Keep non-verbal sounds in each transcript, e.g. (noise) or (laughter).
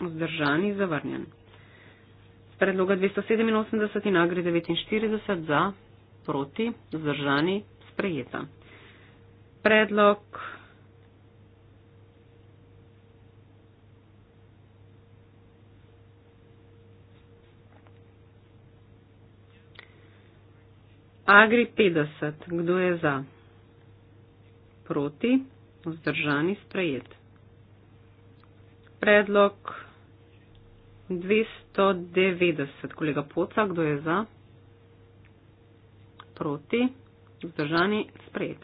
vzdržani, zavrnjen. Predloga 287 in agri 49 za, proti, vzdržani, sprejeta. Predlog. Agri 50, kdo je za? Proti, vzdržani, sprejet. Predlog 290. Kolega Poca, kdo je za? Proti. Vzdržani sprejet.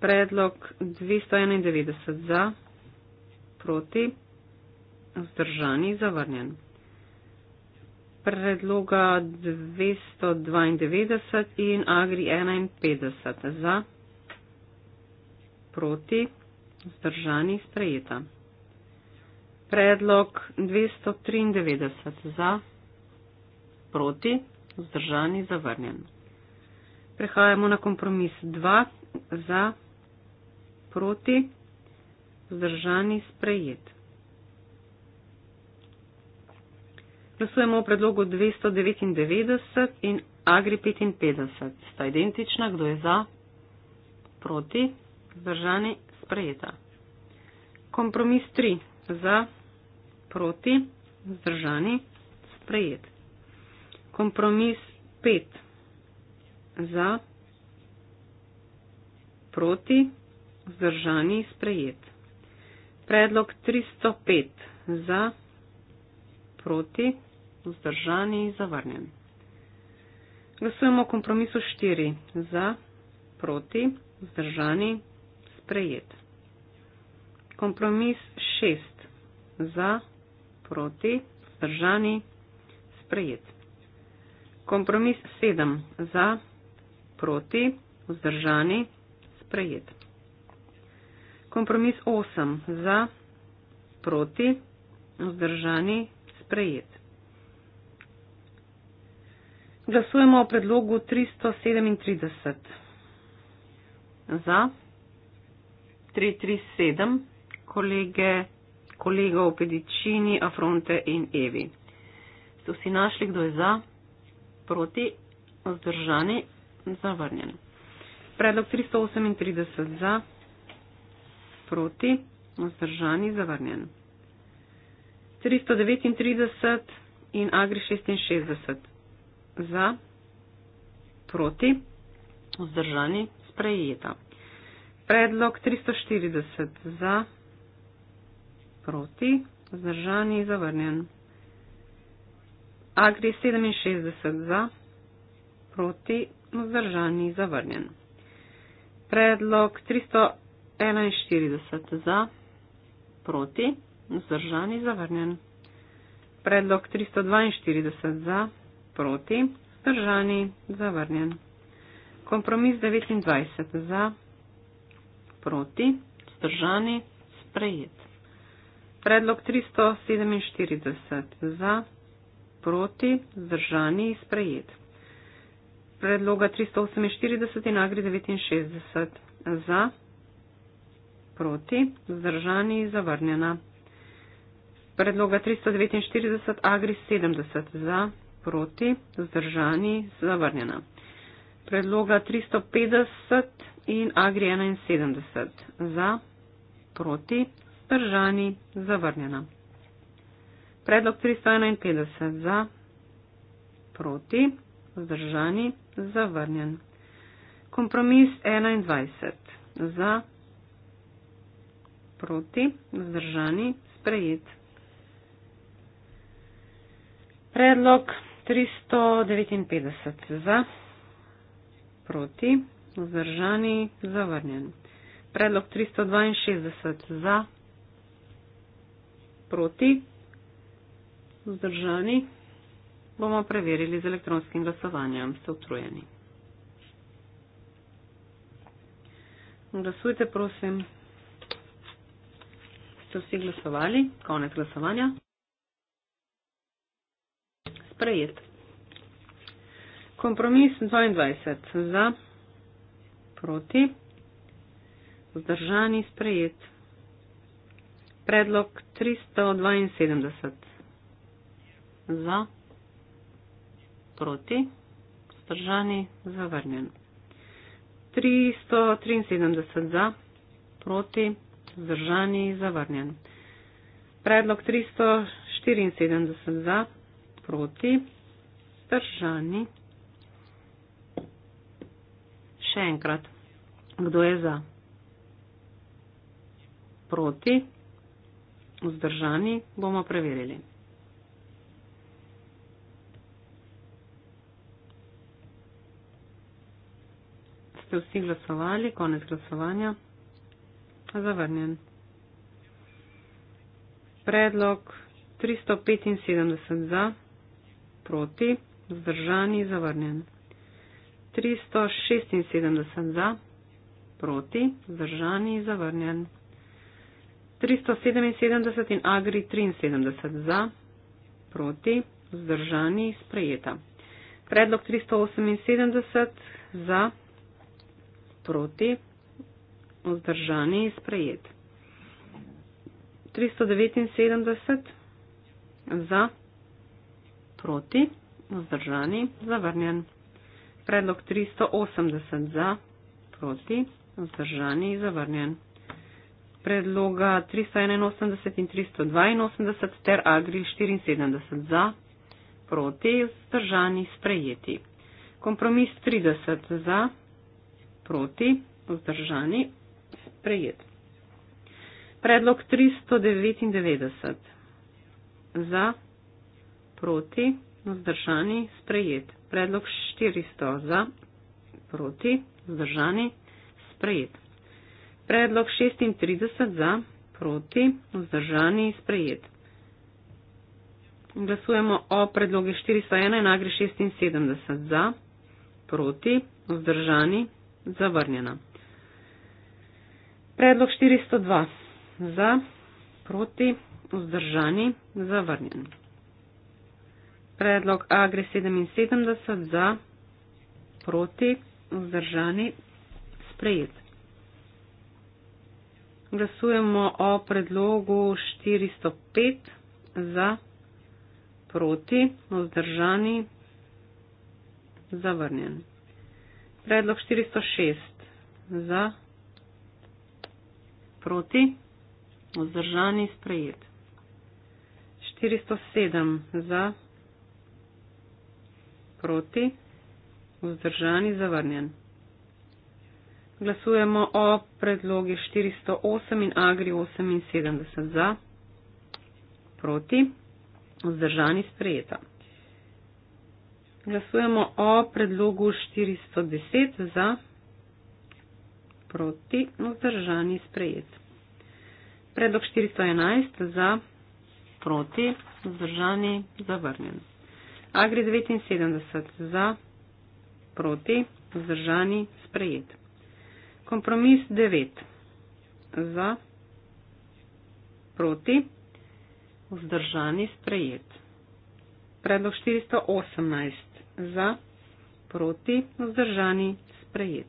Predlog 291 za, proti, vzdržani, zavrnjen. Predloga 292 in agri 51 za, proti, vzdržani, sprejeta predlog 293 za, proti, vzdržani, zavrnjen. Prehajamo na kompromis 2 za, proti, vzdržani, sprejet. Glasujemo o predlogu 299 in Agri 55. Sta identična, kdo je za, proti, vzdržani, sprejeta. Kompromis 3 za, proti, proti, vzdržani, sprejet. Kompromis 5. Za, proti, vzdržani, sprejet. Predlog 305. Za, proti, vzdržani, zavrnjen. Glasujemo o kompromisu 4. Za, proti, vzdržani, sprejet. Kompromis 6. Za, proti, vzdržani, sprejet proti, zdržani, sprejet. Kompromis 7. Za, proti, vzdržani, sprejet. Kompromis 8. Za, proti, vzdržani, sprejet. Glasujemo o predlogu 337. Za, 337, kolege kolegov Pedičini, Afronte in Evi. So si našli, kdo je za, proti, vzdržani, zavrnjen. Predlog 338 za, proti, vzdržani, zavrnjen. 339 in Agri 66 za, proti, vzdržani, sprejeta. Predlog 340 za, proti, vzdržani, zavrnjen. Agri 67 za, proti, vzdržani, zavrnjen. Predlog 341 za, proti, vzdržani, zavrnjen. Predlog 342 za, proti, vzdržani, zavrnjen. Kompromis 29 za, proti, vzdržani, sprejet. Predlog 347 za, proti, zdržani, sprejet. Predloga 348 in agri 69 za, proti, zdržani, zavrnjena. Predloga 349 agri 70 za, proti, zdržani, zavrnjena. Predloga 350 in agri 71 za, proti, vzdržani, zavrnjena. Predlog 351 za, proti, vzdržani, zavrnjen. Kompromis 21 za, proti, vzdržani, sprejet. Predlog 359 za, proti, vzdržani, zavrnjen. Predlog 362 za, proti, vzdržani, bomo preverili z elektronskim glasovanjem, ste utrujeni. Glasujte, prosim. Ste vsi glasovali? Konec glasovanja. Sprejet. Kompromis 22. Za, proti, vzdržani, sprejet predlog 372. Za, proti, stržani, zavrnjen. 373 za, proti, zdržani, zavrnjen. Predlog 374 za, proti, stržani. Še enkrat, kdo je za? Proti, vzdržani, bomo preverili. Ste vsi glasovali, konec glasovanja. Zavrnjen. Predlog 375 za, proti, vzdržani, zavrnjen. 376 za, proti, vzdržani, zavrnjen. 377 in Agri 73 za, proti, vzdržani, sprejeta. Predlog 378 za, proti, vzdržani, sprejet. 379 za, proti, vzdržani, zavrnjen. Predlog 380 za, proti, vzdržani, zavrnjen predloga 381 in 382 ter Agri 74 za, proti, vzdržani, sprejeti. Kompromis 30 za, proti, vzdržani, sprejet. Predlog 399 za, proti, vzdržani, sprejet. Predlog 400 za, proti, vzdržani, sprejet predlog 36 za, proti, vzdržani, sprejet. Glasujemo o predloge 401 in agri 76 za, proti, vzdržani, zavrnjena. Predlog 402 za, proti, vzdržani, zavrnjen. Predlog agri 77 za, proti, vzdržani, sprejet. Glasujemo o predlogu 405 za, proti, vzdržani, zavrnjen. Predlog 406 za, proti, vzdržani, sprejet. 407 za, proti, vzdržani, zavrnjen. Glasujemo o predlogi 408 in agri 78 za, proti, vzdržani sprejeta. Glasujemo o predlogu 410 za, proti, vzdržani sprejet. Predlog 411 za, proti, vzdržani zavrnjen. Agri 79 za, proti, vzdržani sprejet. Kompromis 9. Za, proti, vzdržani, sprejet. Predlog 418. Za, proti, vzdržani, sprejet.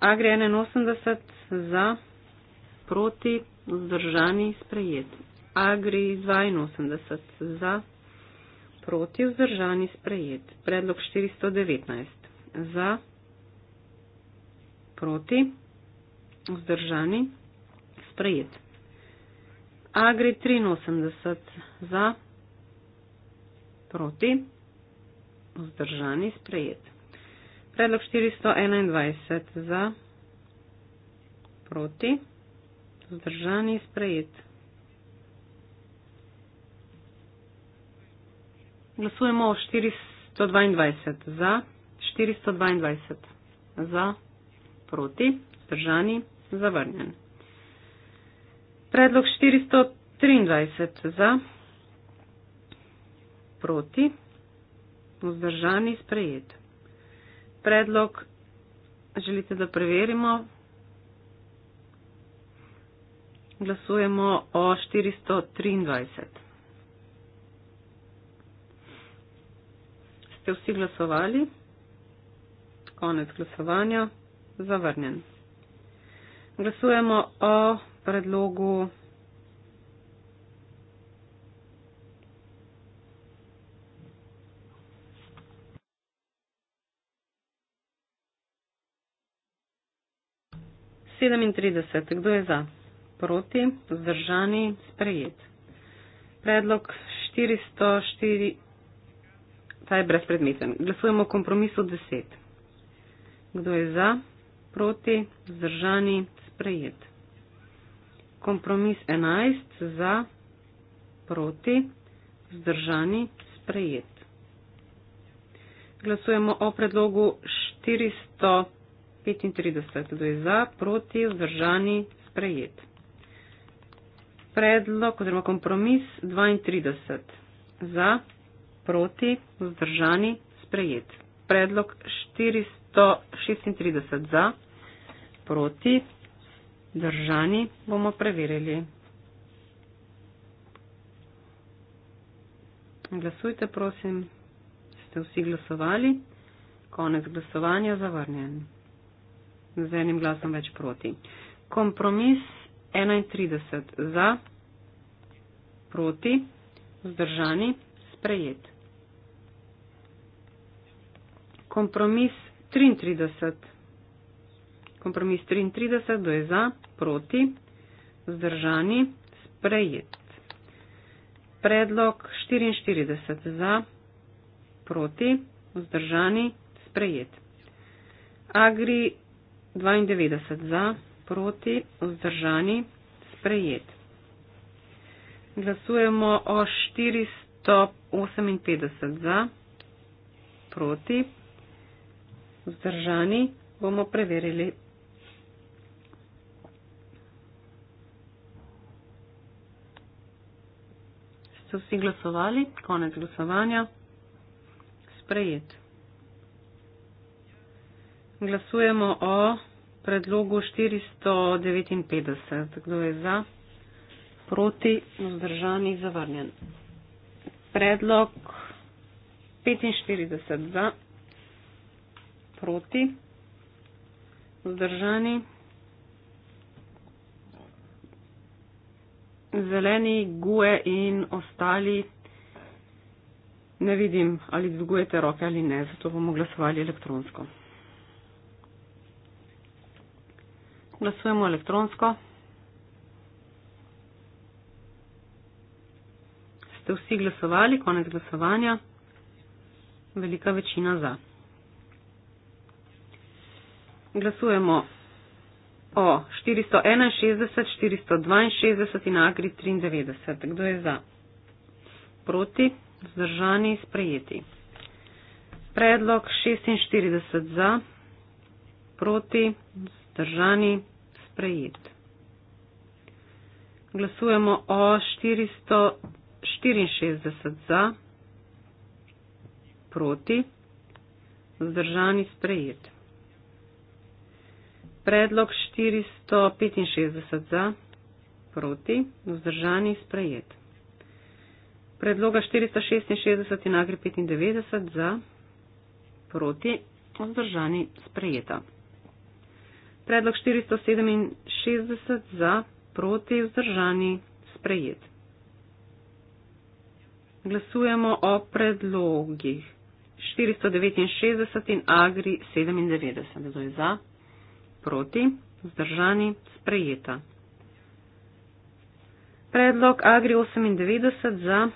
Agri 81. Za, proti, vzdržani, sprejet. Agri 82. Za, proti, vzdržani, sprejet. Predlog 419. Za, proti, vzdržani, sprejet proti, vzdržani, sprejet. Agri 83 za, proti, vzdržani, sprejet. Predlog 421 za, proti, vzdržani, sprejet. Glasujemo o 422 za, 422 za proti, zdržani, zavrnjen. Predlog 423 za, proti, vzdržani, sprejet. Predlog želite, da preverimo. Glasujemo o 423. Ste vsi glasovali? Konec glasovanja zavrnjen. Glasujemo o predlogu sedemintrideset. Kdo je za? Proti, vzdržani, sprejet. Predlog štiristo štiri. Ta je brezpredmeten. Glasujemo o kompromisu deset. Kdo je za? proti, zdržani, sprejet. Kompromis 11 za, proti, zdržani, sprejet. Glasujemo o predlogu 435, kdo je za, proti, vzdržani, sprejet. Predlog oziroma kompromis 32, za, proti, vzdržani, sprejet predlog 436 za, proti, držani bomo preverili. Glasujte, prosim, ste vsi glasovali. Konec glasovanja zavrnjen. Z enim glasom več proti. Kompromis 31 za, proti, vzdržani, sprejet. Kompromis 33. Kompromis 33, kdo je za, proti, zdržani, sprejet. Predlog 44, za, proti, vzdržani, sprejet. Agri 92, za, proti, vzdržani, sprejet. Glasujemo o 458, za, proti, vzdržani, bomo preverili. Ste vsi glasovali? Konec glasovanja. Sprejet. Glasujemo o predlogu 459. Kdo je za? Proti, vzdržani, zavrnjen. Predlog 45 za proti, vzdržani. Zeleni, guje in ostali. Ne vidim, ali dvigujete roke ali ne, zato bomo glasovali elektronsko. Glasujemo elektronsko. Ste vsi glasovali, konec glasovanja. Velika večina za glasujemo o 461, 462 in agri 93. Kdo je za? Proti, vzdržani, sprejeti. Predlog 46 za, proti, vzdržani, sprejet. Glasujemo o 464 za, proti, vzdržani, sprejet. Predlog 465 za, proti, vzdržani sprejet. Predloga 466 in agri 95 za, proti, vzdržani sprejeta. Predlog 467 za, proti, vzdržani sprejet. Glasujemo o predlogih 469 in agri 97. Kdo je za? proti, vzdržani, sprejeta. Predlog Agri 98 za,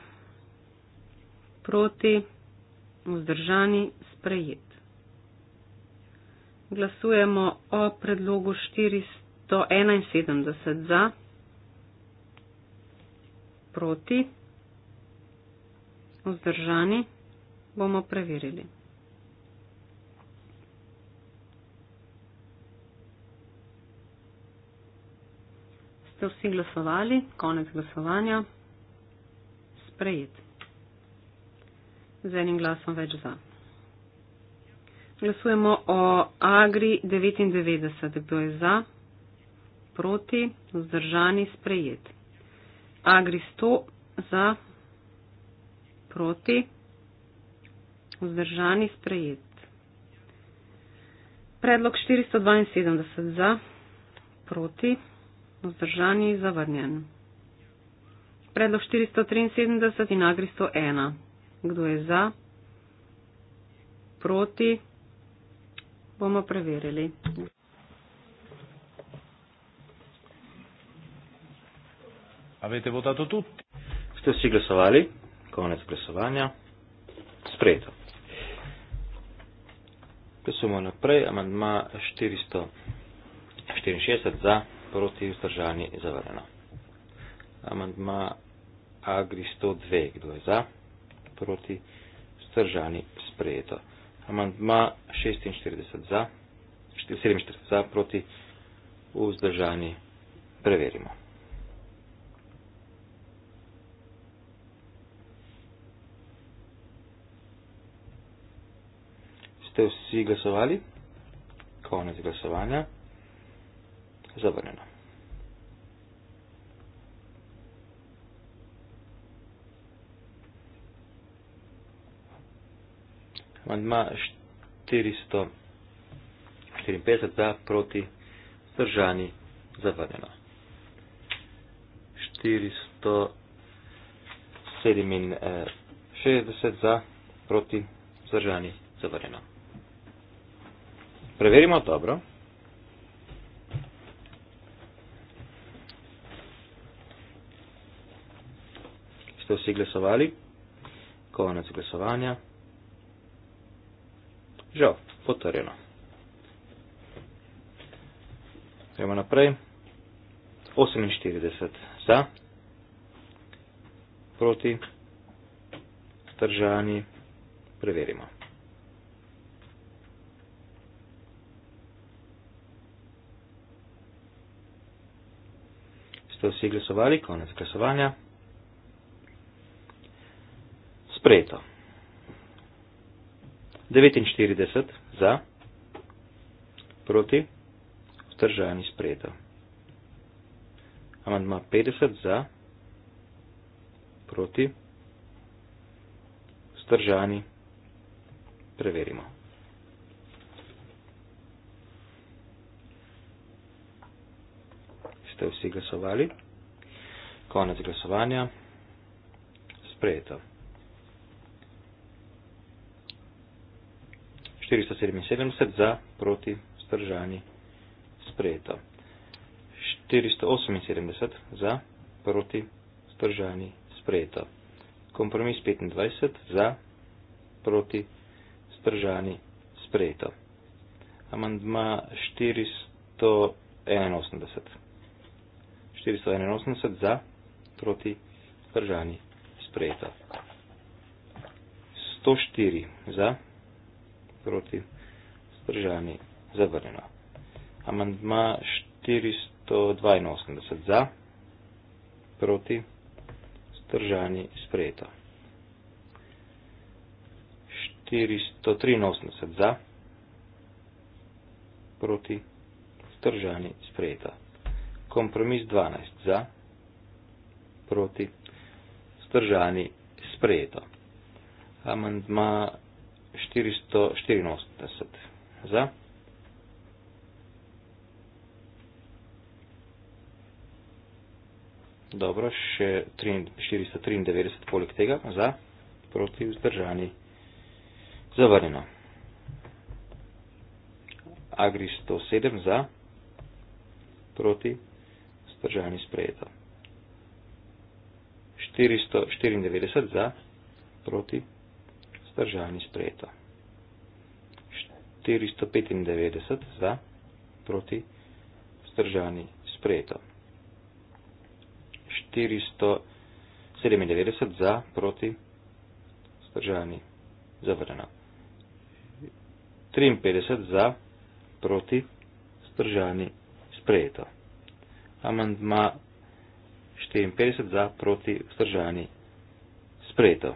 proti, vzdržani, sprejet. Glasujemo o predlogu 471 za, proti, vzdržani, bomo preverili. ste vsi glasovali, konec glasovanja, sprejet. Z enim glasom več za. Glasujemo o Agri 99. Kdo je za? Proti, vzdržani, sprejet. Agri 100 za, proti, vzdržani, sprejet. Predlog 472 za, proti vzdržani zavrnjen. Predlog 473 in agri 101. Kdo je za? Proti? Bomo preverili. Avete votato tutti? Ste vsi glasovali? Konec glasovanja. Sprejeto. Glasujemo naprej. Amandma 464 za proti vzdržani zavrnjeno. Amandma Agri 102, kdo je za, proti vzdržani sprejeto. Amandma 46 za, 47 za, proti vzdržani preverimo. Ste vsi glasovali? Konec glasovanja zavrnjeno. Amandma 454 za proti zdržani zavrnjeno. 467 za proti zdržani zavrnjeno. Preverimo dobro. ste vsi glasovali. Konec glasovanja. Žal, potrjeno. Gremo naprej. 48 za, proti, stržani, preverimo. Ste vsi glasovali, konec glasovanja sprejeto. 49 za, proti, vzdržani sprejeto. Amandma 50 za, proti, vzdržani, preverimo. Ste vsi glasovali? Konec glasovanja. Sprejeto. 477 za, proti, vzdržani, sprejeto. 478 za, proti, vzdržani, sprejeto. Kompromis 25 za, proti, vzdržani, sprejeto. Amandma 481. 481 za, proti, vzdržani, sprejeto. 104 za, protiv, zdržani, zavrnjeno. Amandma 482 za, proti, zdržani, sprejeto. 483 za, proti, zdržani, sprejeto. Kompromis 12 za, proti, zdržani, sprejeto. Amandma 484 za. Dobro, še 493 poleg tega za, proti vzdržani, zavrnjeno. Agri 107 za, proti vzdržani, sprejeto. 494 za, proti vzdržani vzdržani sprejeto. 495 za, proti vzdržani sprejeto. 497 za, proti vzdržani zavrnjeno. 53 za, proti vzdržani sprejeto. Amandma 54 za, proti vzdržani sprejeto.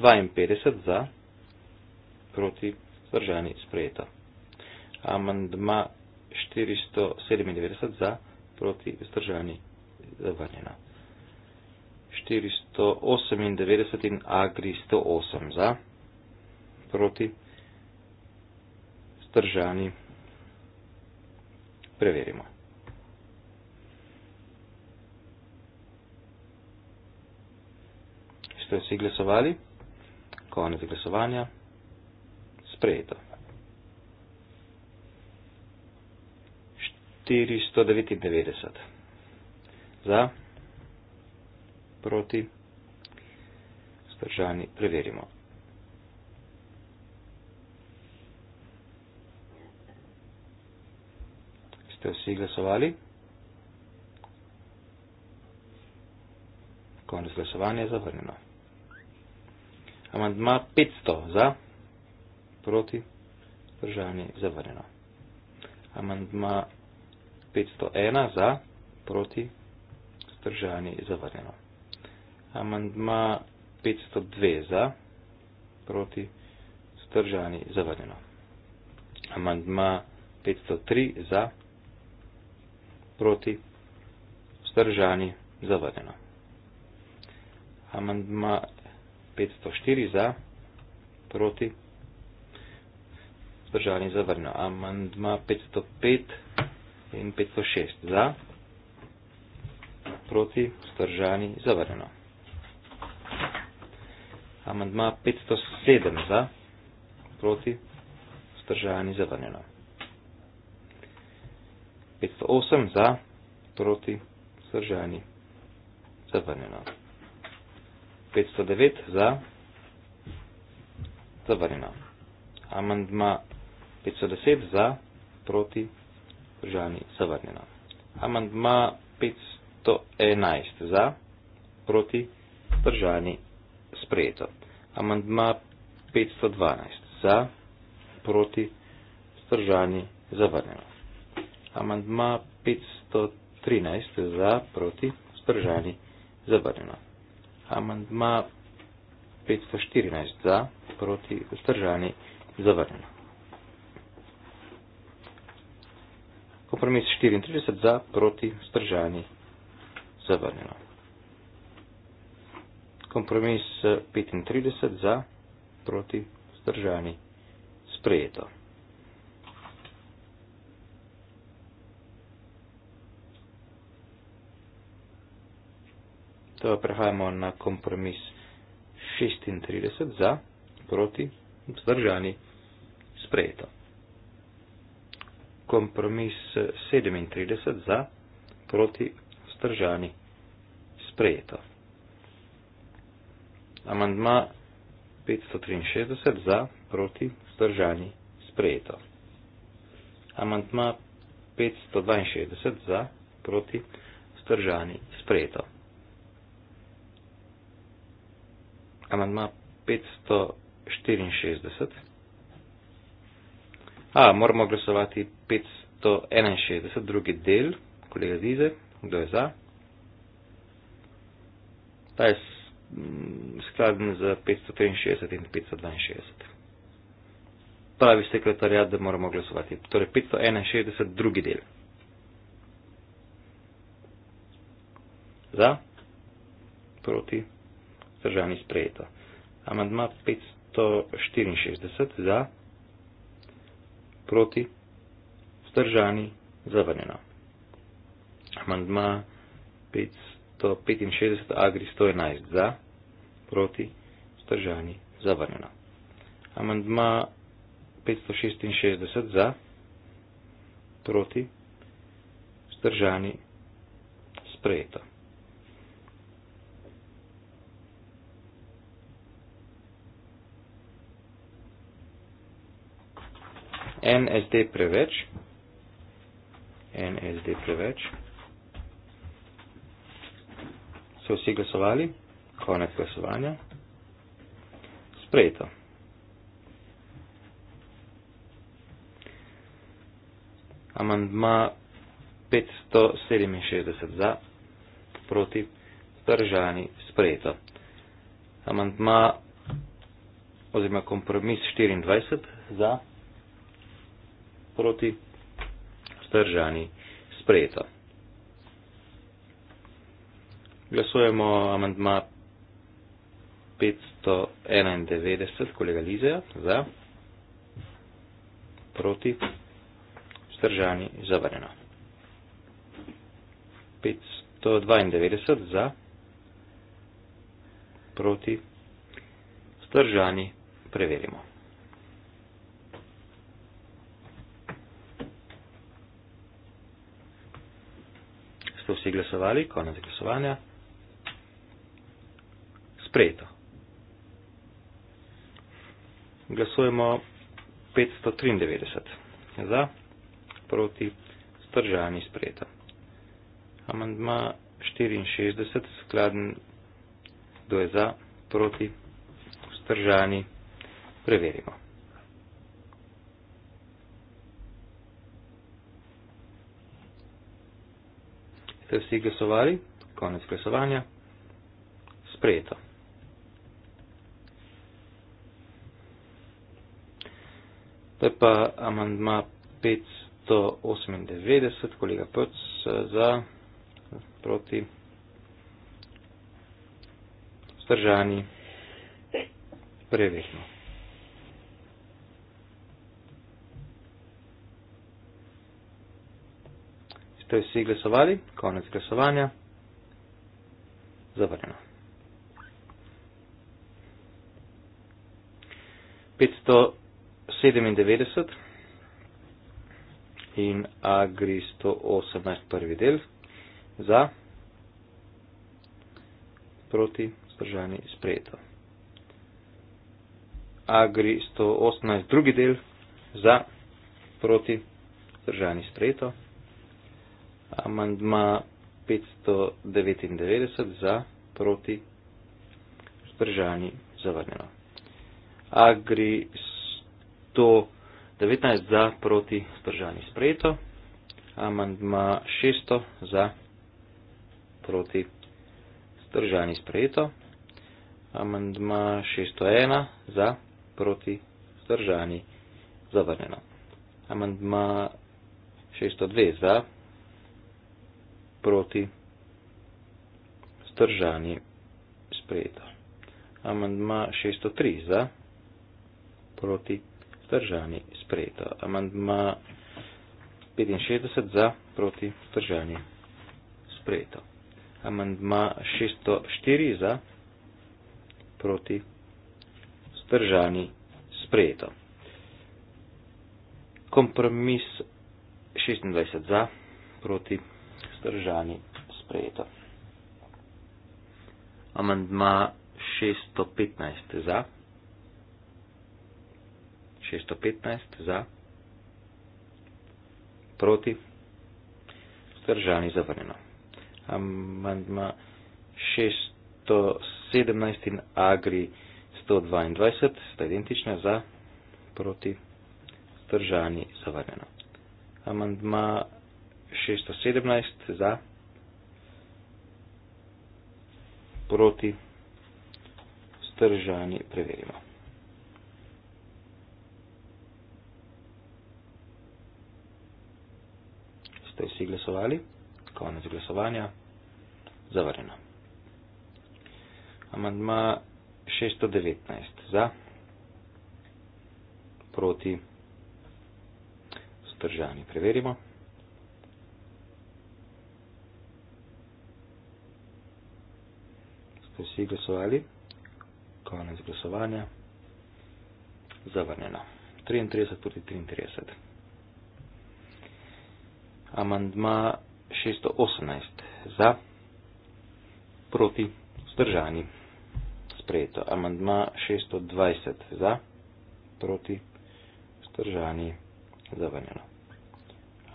52 za, proti vzdržani sprejeta. Amandma 497 za, proti vzdržani zavrnjena. 498 in agri 108 za, proti vzdržani preverimo. Ste vsi glasovali? Konec glasovanja. Sprejeto. 499. Za. Proti. Stržani. Preverimo. Ste vsi glasovali? Konec glasovanja je zavrnjeno. Amandma 500 za, proti, vzdržanje zavrnjeno. Amandma 501 za, proti, vzdržanje zavrnjeno. Amandma 502 za, proti, vzdržanje zavrnjeno. Amandma 503 za, proti, vzdržanje zavrnjeno. Amandma 504 za, proti, zdržali in zavrnil. Amandma 505 in 506 za, proti, zdržali in zavrnil. Amandma 507 za, proti, zdržali in zavrnil. 508 za, proti, zdržali in zavrnil. 509 za zavarjeno. Amandma 510 za proti vzdržani zavarjeno. Amandma 511 za proti vzdržani sprejeto. Amandma 512 za proti vzdržani zavarjeno. Amandma 513 za proti vzdržani zavarjeno amandma 514 za, proti vzdržani, zavrnjen. Kompromis 34 za, proti vzdržani, zavrnjen. Kompromis 35 za, proti vzdržani, sprejeto. Eh, prehajamo na kompromis 36 za, proti, vzdržani, sprejeto. Kompromis 37 za, proti, vzdržani, sprejeto. Amandma 563 za, proti, vzdržani, sprejeto. Amandma 562 za, proti, vzdržani, sprejeto. amandma 564. A, moramo glasovati 561, drugi del, kolega Zize, kdo je za? Ta je mm, skladen z 563 in 562. Pravi sekretarjat, da moramo glasovati. Torej 561, drugi del. Za? Proti? državni sprejeto. Amandma 564 za, proti, vzdržani, zavrnjeno. Amandma 565 agri 111 za, proti, vzdržani, zavrnjeno. Amandma 566 za, proti, vzdržani, sprejeto. en SD preveč, en SD preveč, so vsi glasovali, konec glasovanja, sprejeto. Amandma 567 za, proti, držani, sprejeto. Amandma oziroma kompromis 24 za proti vzdržani sprejeto. Glasujemo amandma 591 kolega Lizeja za proti vzdržani zavrnjeno. 592 za proti vzdržani preverimo. ste vsi glasovali, konec glasovanja. Sprejeto. Glasujemo 593 za, proti, stržani sprejeto. Amandma 64, skladen, kdo je za, proti, stržani, preverimo. ste vsi glasovali, konec glasovanja, sprejeto. To je pa amandma 598, kolega Pec za, proti, vzdržani, prevehno. ste vsi glasovali, konec glasovanja, zavrnjeno. 597 in agri 118 prvi del za proti zdržani sprejeto. Agri 118 drugi del za proti zdržani sprejeto amandma 599 za, proti, zdržani, zavrnjeno. Agri 119 za, proti, zdržani, sprejeto. Amandma 600 za, proti, zdržani, sprejeto. Amandma 601 za, proti, zdržani, zavrnjeno. Amandma 602 za, proti, zdržani, zavrnjeno proti, zdržani, sprejeto. Amandma 603 za, proti, zdržani, sprejeto. Amandma 65 za, proti, zdržani, sprejeto. Amandma 604 za, proti, zdržani, sprejeto. Kompromis 26 za, proti, zdržani, sprejeto vzdržani sprejeto. Amandma 615 za. 615 za. Proti. Vzdržani zavrnjeno. Amandma 617 in agri 122 sta identična za. Proti. Vzdržani zavrnjeno. Amandma 617 za, proti, stržani, preverimo. Ste vsi glasovali? Konec glasovanja. Zavrjeno. Amandma 619 za, proti, stržani, preverimo. vsi glasovali. Konec glasovanja. Zavrnjeno. 33 proti 33. Amandma 618 za, proti, vzdržani, sprejeto. Amandma 620 za, proti, vzdržani, zavrnjeno.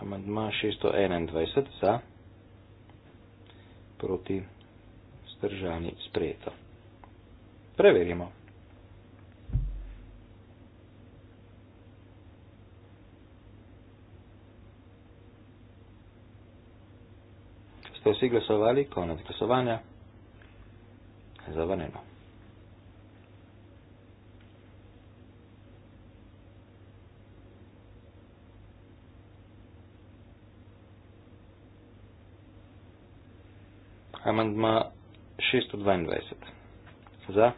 Amandma 621 za, proti, vzdržani držani sprejeto. Preverimo. Ste vsi glasovali? Konec glasovanja. Zavrnjeno. Amandma 622 za,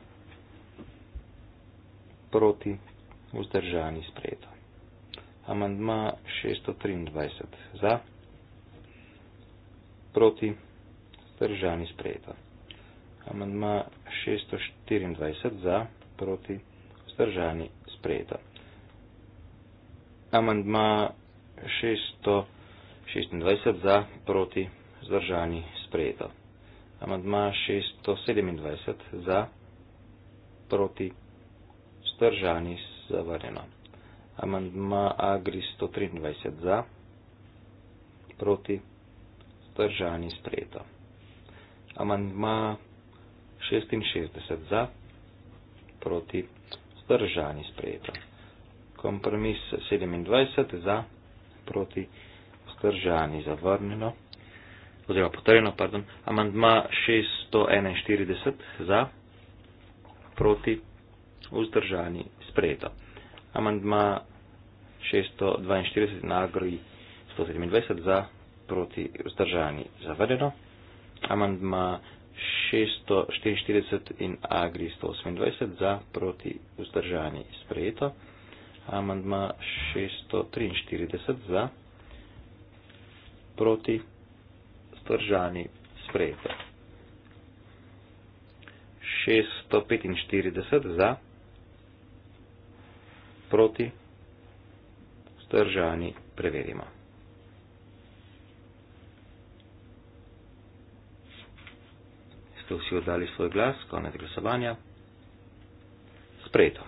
proti, vzdržani, sprejeto. Amandma 623 za, proti, vzdržani, sprejeto. Amandma 624 za, proti, vzdržani, sprejeto. Amandma 626 za, proti, vzdržani, sprejeto amandma 627 za, proti, stržani zavarjeno. Amandma Agri 123 za, proti, stržani sprejeto. Amandma 66 za, proti, stržani sprejeto. Kompromis 27 za, proti, stržani zavrnjeno oziroma potrjeno, pardon, amandma 641 za, proti, vzdržani, sprejeto. Amandma 642 na agri 127 za, proti, vzdržani, zavrljeno. Amandma 644 in agri 128 za, proti, vzdržani, sprejeto. Amandma 643 za, proti, vzdržani, sprejeto vzdržani sprejeto. 645 za, proti, vzdržani preverimo. Ste vsi oddali svoj glas, konec glasovanja? Sprejeto.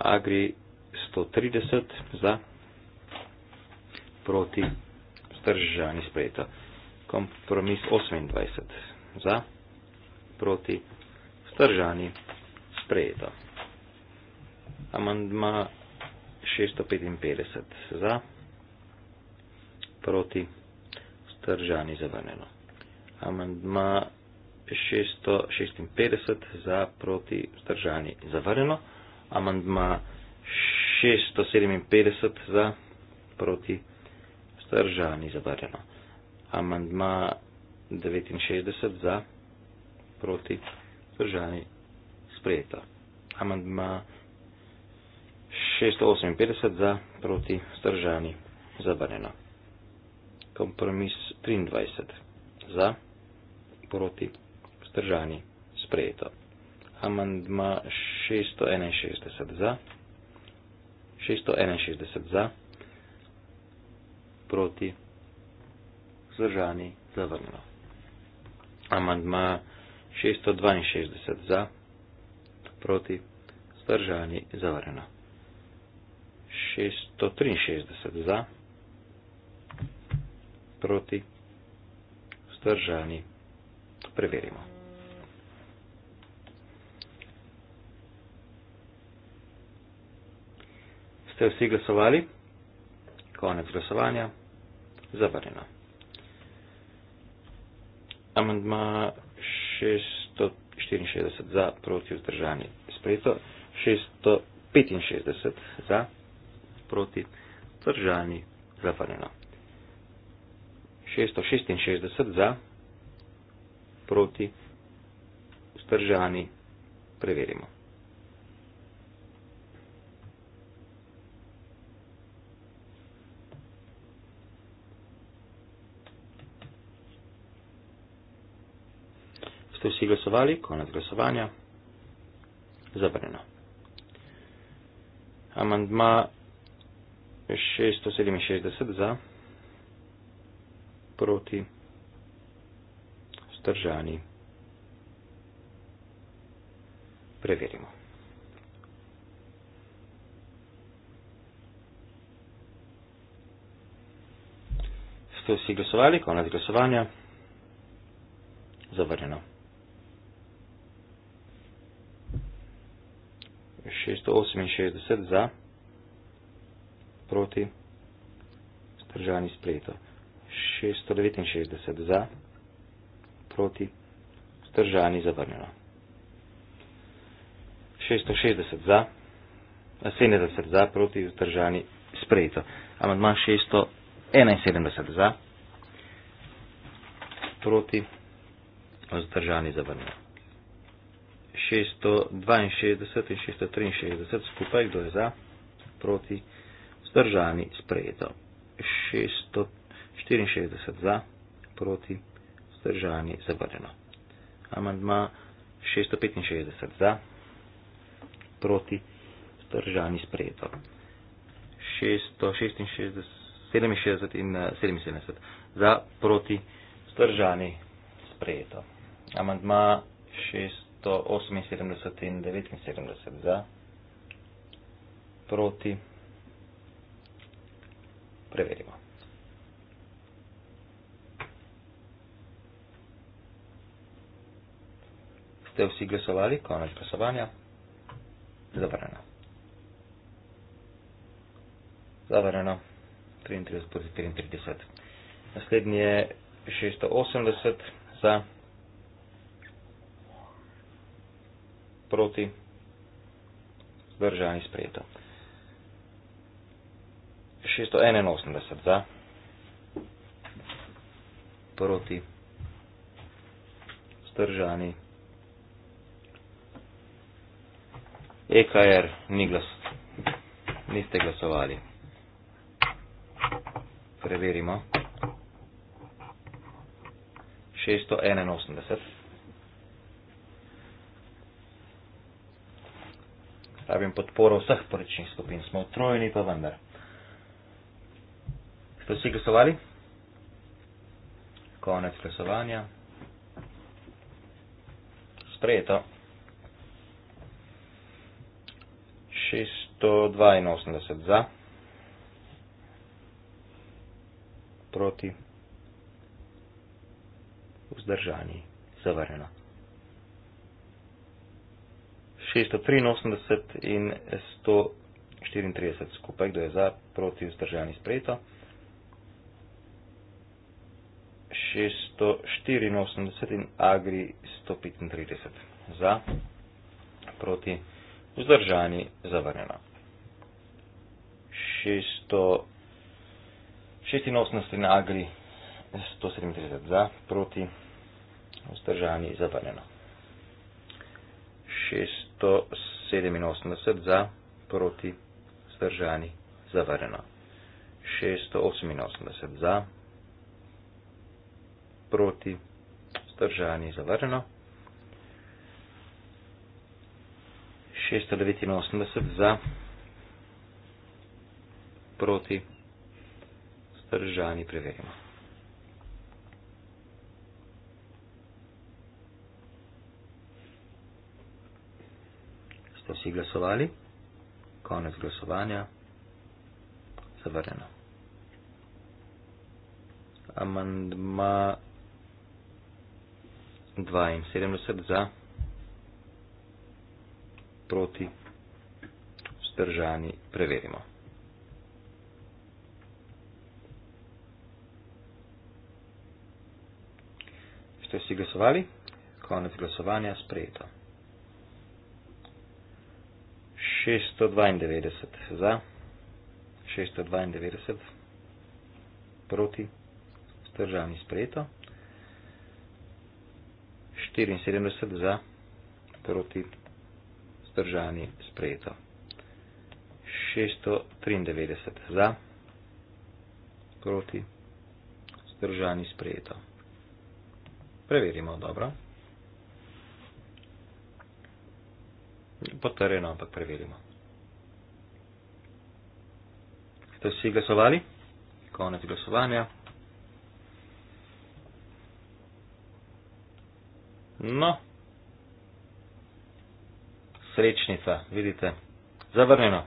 Agri 130 za proti vzdržani sprejeta. Kompromis 28 za, proti vzdržani sprejeta. Amandma 655 za, proti vzdržani zavrneno. Amandma 656 za, proti vzdržani zavrneno. Amandma 657 za, proti vzdržani vzdržani zavrjeno. Amandma 69 za, proti, vzdržani sprejeto. Amandma 658 za, proti, vzdržani zavrjeno. Kompromis 23 za, proti, vzdržani sprejeto. Amandma 661 za, 661 za proti, vzdržani, zavrnjeno. Amandma 662 za, proti, vzdržani, zavrnjeno. 663 za, proti, vzdržani, preverimo. Ste vsi glasovali? Konec glasovanja zavarjeno. Amandma 664 za proti vzdržani sprejeto, 665 za proti vzdržani zavarjeno. 666 za proti vzdržani preverimo. ste vsi glasovali, konec glasovanja. Zabrneno. Amandma 667 za, proti, stržani. Preverimo. Ste vsi glasovali, konec glasovanja. Zavrnjeno. 668 za, proti, stržani spleto. 669 za, proti, stržani zavrnjeno. 660 za, 70 eh, za, proti, stržani spleto. Amadma 671 za, proti, stržani zavrnjeno. 662 in 663 skupaj, kdo je za, proti, zdržani, sprejeto. 664 za, proti, zdržani, zavrnjeno. Amandma 665 za, proti, zdržani, sprejeto. 667 in 77 eh, za, proti, zdržani, sprejeto. Amandma 6 do 78 in 79 za, proti, preverimo. Ste vsi glasovali, konec glasovanja, zavrnjeno. Zavrnjeno, 33 proti 33. Naslednji je 680 za. proti, zdržani sprejeto. 681 za, proti, zdržani, EKR er, ni glas, niste glasovali. Preverimo. 681. rabim podporo vseh poročnih skupin, smo utrojeni pa vendar. Ste vsi glasovali? Konec glasovanja. Sprejeto. 682 za. Proti. Vzdržani. Zavrnjeno. 683 in 134 skupaj, kdo je za, proti, vzdržani, sprejeto. 684 in agri 135 za, proti, vzdržani, zavrnjeno. 686 in agri 137 za, proti, vzdržani, zavrnjeno. 6 187 za, proti, zdržani, zavrjeno. 688 za, proti, zdržani, zavrjeno. 689 za, proti, zdržani, preverimo. ste vsi glasovali. Konec glasovanja. Zavrjeno. Amandma 72 za, proti, vzdržani, preverimo. Ste vsi glasovali? Konec glasovanja, sprejeto. 692 za, 692 proti, vzdržani sprejeto, 74 za, proti, vzdržani sprejeto, 693 za, proti, vzdržani sprejeto. Preverimo dobro. potrjeno, ampak preverimo. Ste vsi glasovali? Konec glasovanja. No, srečnica, vidite, zavrnjeno.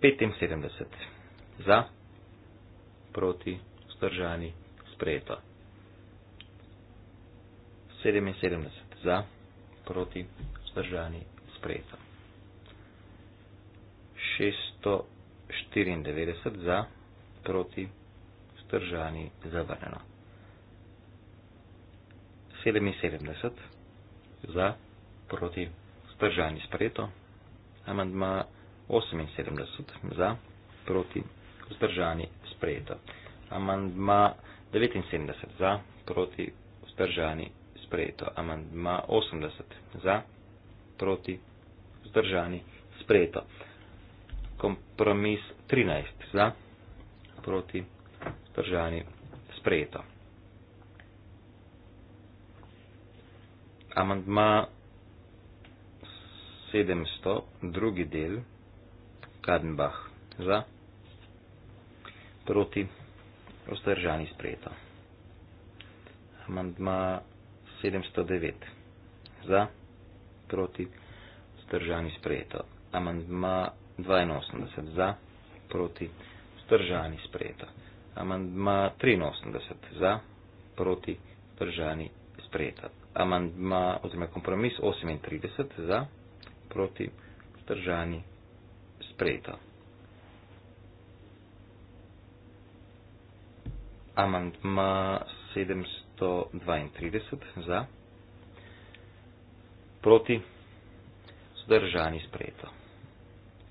Petinsedemdeset za proti, vzdržani, sprejeto. 77 za, proti, vzdržani, sprejeto. 694 za, proti, vzdržani, zavrnjeno. 77 za, proti, vzdržani, sprejeto. Amandma 78 za, proti, vzdržani vzdržani, sprejeto. Amandma 79 za, proti, vzdržani, sprejeto. Amandma 80 za, proti, vzdržani, sprejeto. Kompromis 13 za, proti, vzdržani, sprejeto. Amandma 700, drugi del, Kadenbach za proti vzdržani sprejeto. Amandma 709 za proti vzdržani sprejeto. Amandma 82 za proti vzdržani sprejeto. Amandma 83 za proti vzdržani sprejeto. Amandma oziroma kompromis 38 za proti vzdržani sprejeto. amandma 732 za, proti, zdržani sprejeto.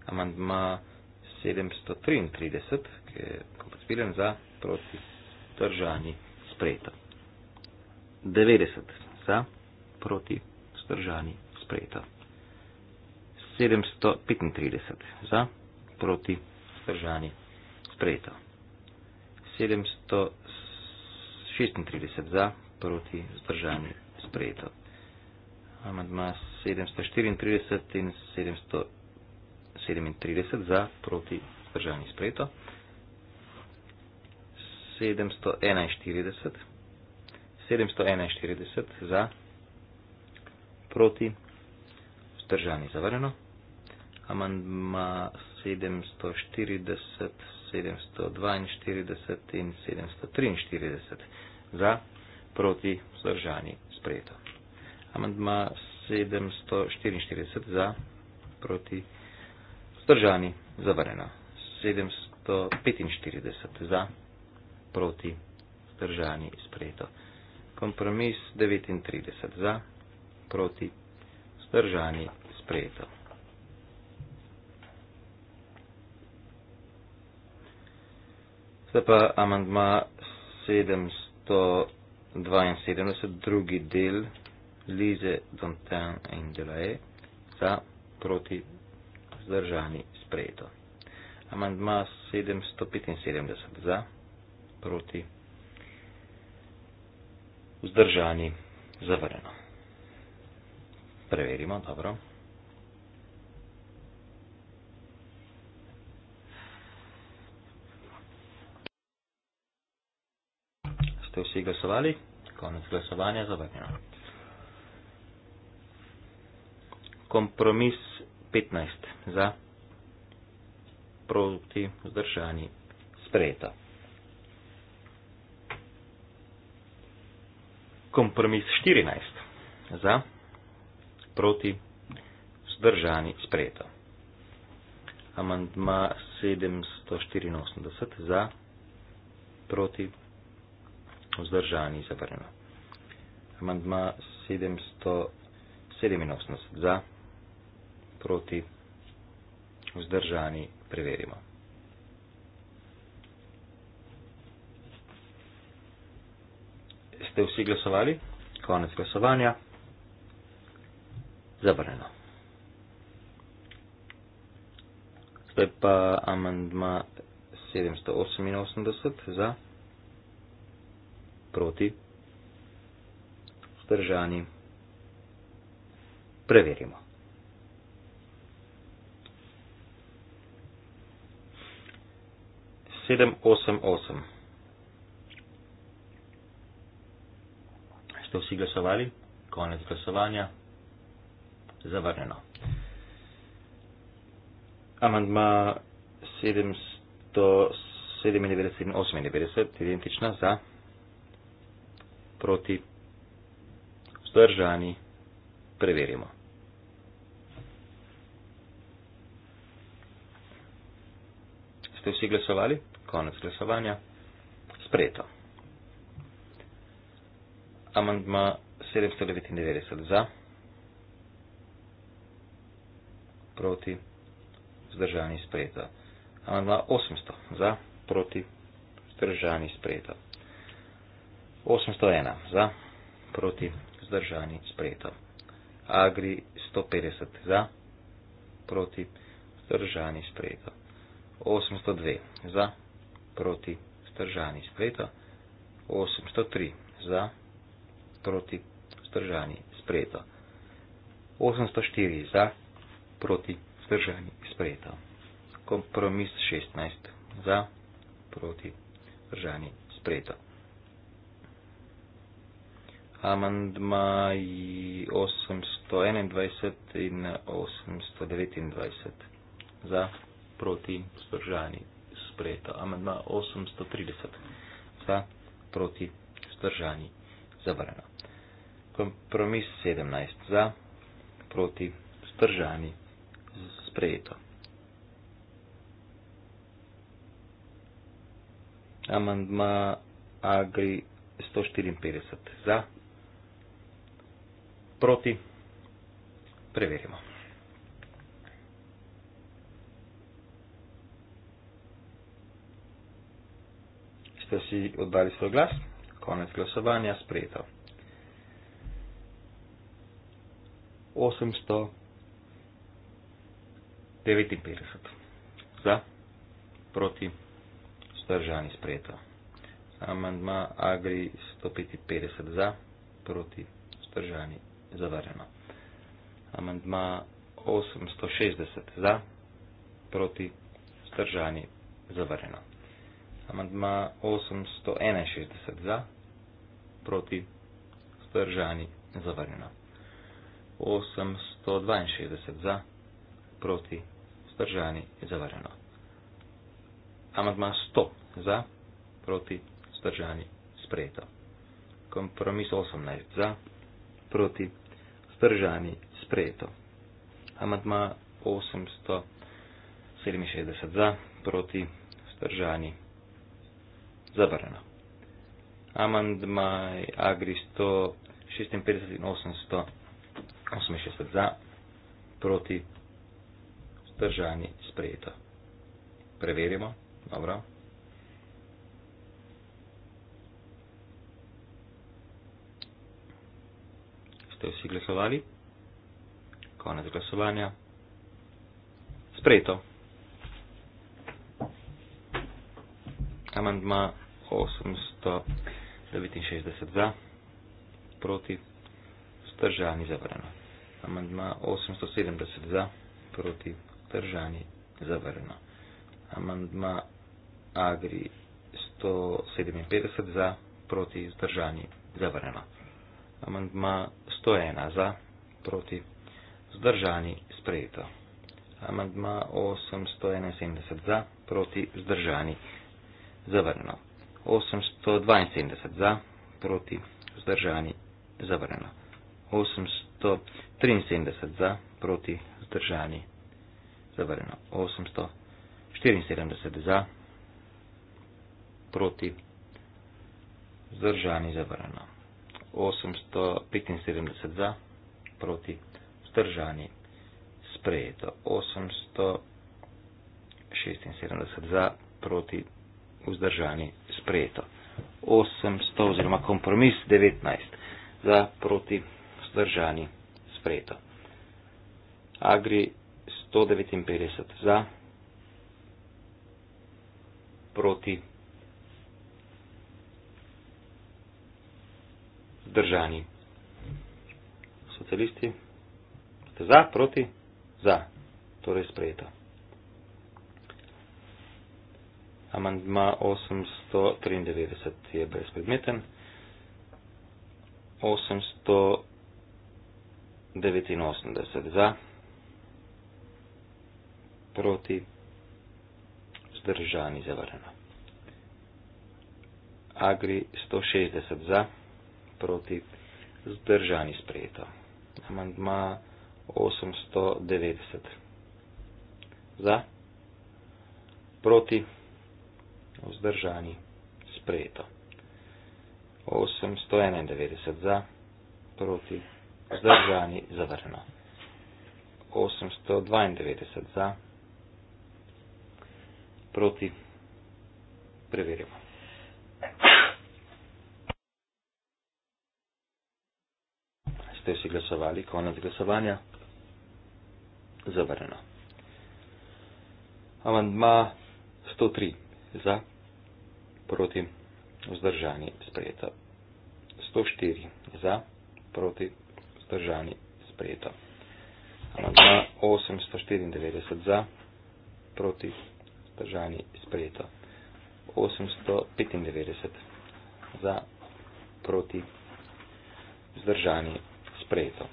Amandma 733, ki je kompatibilen za, proti, zdržani sprejeto. 90 za, proti, zdržani sprejeto. 735 za, proti, zdržani sprejeto. 736 za, proti vzdržani sprejeto. Amadma 734 in 737 za, proti vzdržani sprejeto. 741, 741 za, proti vzdržani zavrneno. Amandma 740 742 in 743 za proti vzdržani sprejeto. Amandma 744 za proti vzdržani zavrnjeno. 745 za proti vzdržani sprejeto. Kompromis 39 za proti vzdržani sprejeto. Zdaj pa amandma 772, drugi del, Lize, Dantin in Delae, za proti zdržani sprejeto. Amandma 775 za proti zdržani zavrjeno. Preverimo, dobro. ste vsi glasovali. Konec glasovanja zavrnjeno. Kompromis 15 za proti vzdržani sprejeto. Kompromis 14 za proti vzdržani sprejeto. Amandma 784 za proti vzdržani sprejeto vzdržani i zabrano. Amandma 787 za, proti, uzdržani, preverimo. Ste vsi glasovali? Konec glasovanja. Zabrneno. Zdaj pa amandma 788 za proti, vzdržani. Preverimo. Sedem, osem, osem. Ste vsi glasovali? Konec glasovanja. Zavrnjeno. Amandma 797 in 898, identična za proti vzdržani, preverimo. Ste vsi glasovali? Konec glasovanja. Sprejeto. Amandma 799 za, proti, vzdržani sprejeto. Amandma 800 za, proti, vzdržani sprejeto. 801 za, proti, vzdržani, sprejeto. Agri 150 za, proti, vzdržani, sprejeto. 802 za, proti, vzdržani, sprejeto. 803 za, proti, vzdržani, sprejeto. 804 za, proti, vzdržani, sprejeto. Kompromis 16 za, proti, vzdržani, sprejeto amandmaji 821 in 829 za proti vzdržani sprejeta. Amandma 830 za proti vzdržani zavrena. Kompromis 17 za proti vzdržani sprejeta. Amandma agri 154 za proti, preverimo. Ste si oddali svoj glas? Konec glasovanja, sprejeto. 859. Za, proti, stržani, sprejeto. Amandma Agri 155 za, proti, stržani, zavrnjeno. Amandma 860 za, proti, stržani, zavrnjeno. Amandma 861 za, proti, stržani, zavrnjeno. 862 za, proti, stržani, zavrnjeno. Amandma 100 za, proti, stržani, sprejeto. Kompromis 18 za, proti, stržani, zavrnjeno vzdržani sprejeto. Amatma 867 za, proti vzdržani zabrano. Amandma Agri 156 in 868 za, proti vzdržani sprejeto. Preverimo. Dobro. ste vsi glasovali. Konec glasovanja. Sprejeto. Amandma 869 za, proti, vzdržani zavrnjeno. Amandma 870 za, proti, vzdržani zavrnjeno. Amandma Agri 157 za, proti, vzdržani zavrnjeno. Amandma 101 za, proti, zdržani, sprejeto. Amandma 871 za, proti, zdržani, zavrnjeno. 872 za, proti, zdržani, zavrnjeno. 873 za, proti, zdržani, zavrnjeno. 874 za, proti, zdržani, zavrnjeno. 875 za, proti vzdržani, sprejeto 876 za, proti vzdržani, sprejeto 800 oziroma kompromis 19 za, proti vzdržani, sprejeto. Agri 159 za, proti vzdržani. držani. Socialisti ste za, proti, za. Torej sprejeto. Amandma 893 je brezpredmeten. 889 za, proti, zdržani, zavrnjeno. Agri 160 za proti zdržani sprejeto. Amandma 890. Za, proti, vzdržani, sprejeto. 891 za, proti, vzdržani, zavrnjeno. 892 za, proti, preverimo. ste si glasovali, konec glasovanja. Zavrnjeno. Amandma 103 za, proti, vzdržani, sprejeto. 104 za, proti, vzdržani, sprejeto. Amandma 894 za, proti, vzdržani, sprejeto. 895 za, proti, vzdržani, sprejeto sprejeto.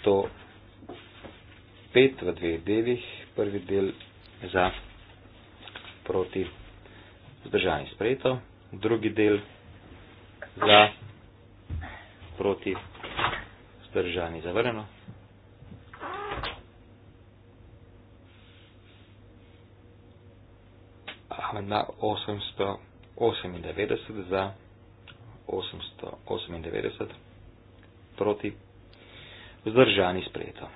105 v dveh delih, prvi del za, proti, zdržani sprejeto, drugi del za, proti, zdržani zavrnjeno. Amendment 898 za. 898 proti, vzdržani sprejeto.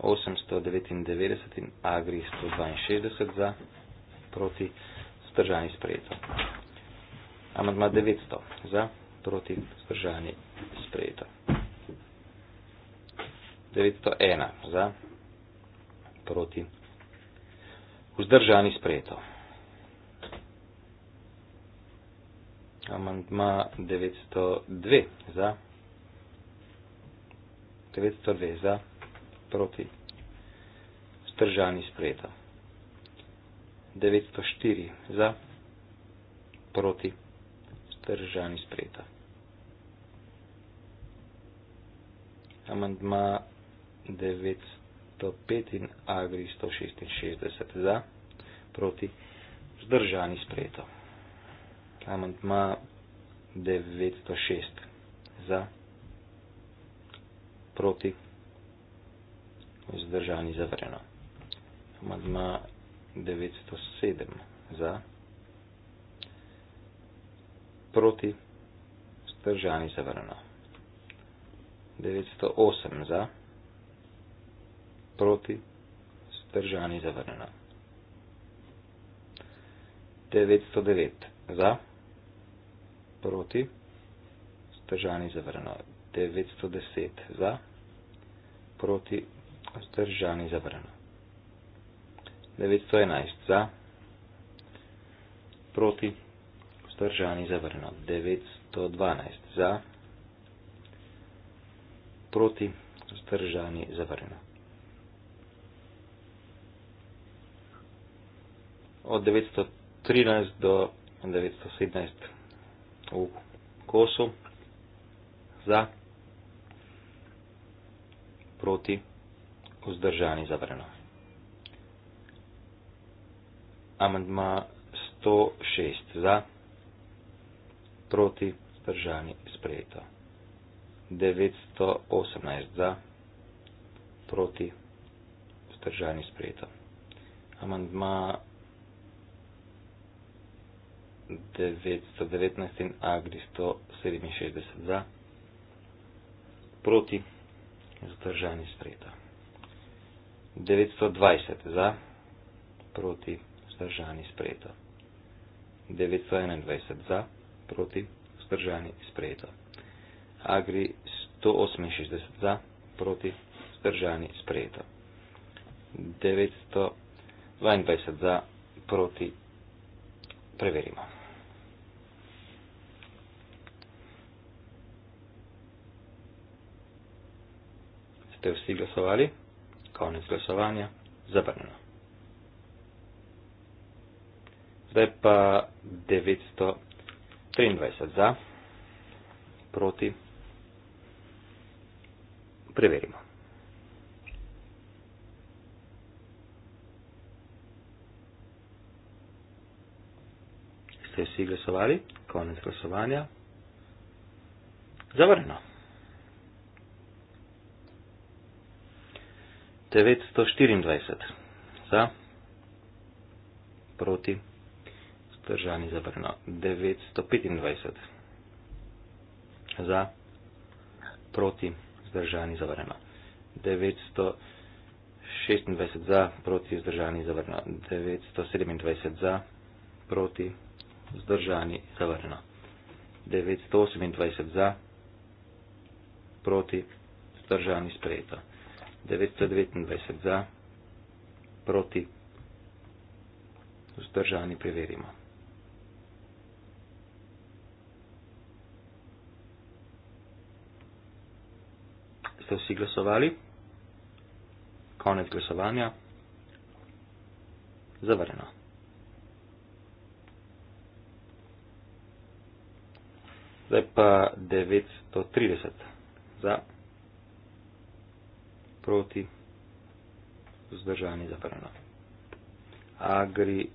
899 in agri 162 za proti, vzdržani sprejeto. Amandma 900 za proti, vzdržani sprejeto. 901 za proti, vzdržani sprejeto. amandma 902 za 902 za proti stržani spreta 904 za proti stržani spreta amandma 905 in agri 166 za proti zdržani spreto amantma 906 za proti vzdržani zavreno. Amantma 907 za proti vzdržani zavreno. 908 za proti vzdržani zavreno. 909 za proti proti, vzdržani zavrno, 910 za, proti, vzdržani zavrno, 911 za, proti, vzdržani zavrno, 912 za, proti, vzdržani zavrno. Od 913 do 917 u kosu za proti uzdržani za vreno. Amandma 106 za proti uzdržani sprejeto. 918 za proti uzdržani sprejeto. Amandma 919 in Agri 167 za, proti in zadržani sprejeta. 920 za, proti zdržani sprejeta. 921 za, proti zdržani sprejeta. Agri 168 za, proti zdržani sprejeta. 922 za, proti preverimo. ste vsi glasovali. Konec glasovanja. Zabrnjeno. Zdaj pa 923 za, proti. Preverimo. Ste vsi glasovali? Konec glasovanja. Zavrnjeno. 924 za, proti, zdržani za brno, 925 za, proti, zdržani za brno, 926 za, proti, zdržani za brno, 927 za, proti, zdržani za brno, 928 za, proti, zdržani sprejeto. 929 za, proti, vzdržani, preverimo. Ste vsi glasovali? Konec glasovanja. Zavrjeno. Zdaj pa 930 za proti vzdržani zabrano. Agri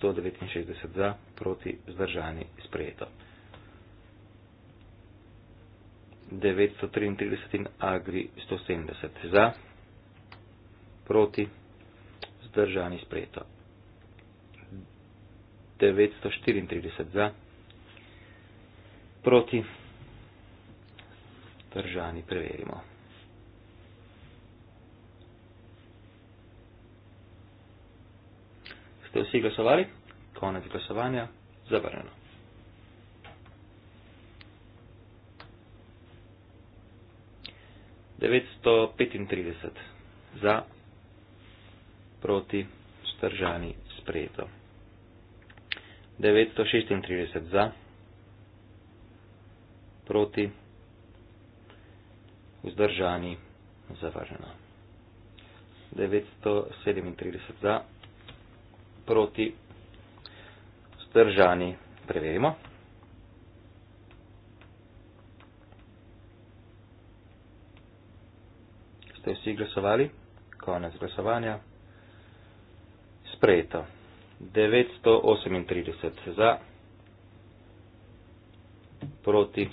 169 za proti vzdržani sprejeto. 933 in Agri 170 za proti vzdržani sprejeto. 934 za proti vzdržani preverimo. Ste vsi glasovali? Konec glasovanja. Zavrnjeno. Devetsto petintrideset za, proti, stržani, sprejeto. Devetsto šestintrideset za, proti, vzdržani, zavrženo. Devetsto sedemintrideset za proti stržani. Preverimo. Ste vsi glasovali? Konec glasovanja. Sprejeto. 938 za. Proti.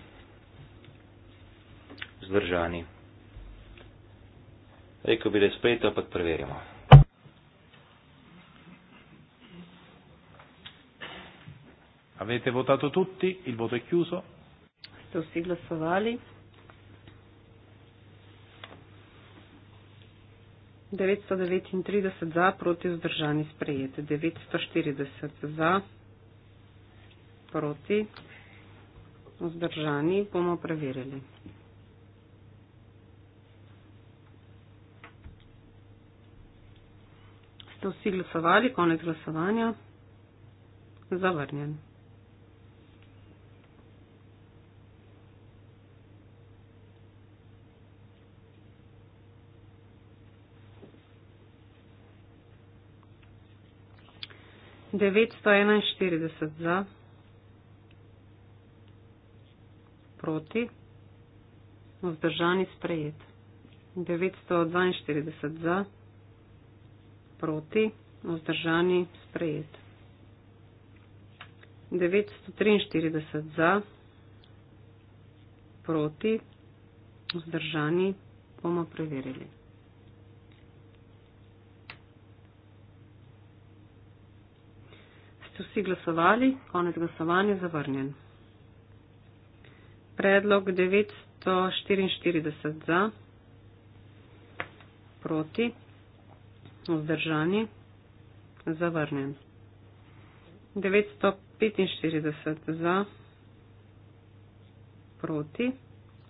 Zdržani. Rekel bi, da je sprejeto, pa preverimo. Avete votato tutti? Il voto è chiuso? Tutti glossovali. Devetsto devet in trideset za, proti vzdržani sprejete. Devetsto štirideset za, proti vzdržani bomo preverili. Ste vsi glasovali, konec glasovanja? Zavrnjen. 941 za, proti, vzdržani sprejet. 942 za, proti, vzdržani sprejet. 943 za, proti, vzdržani, bomo preverili. ste vsi glasovali, konec glasovanja zavrnjen. Predlog 944 za, proti, vzdržani, zavrnjen. 945 za, proti,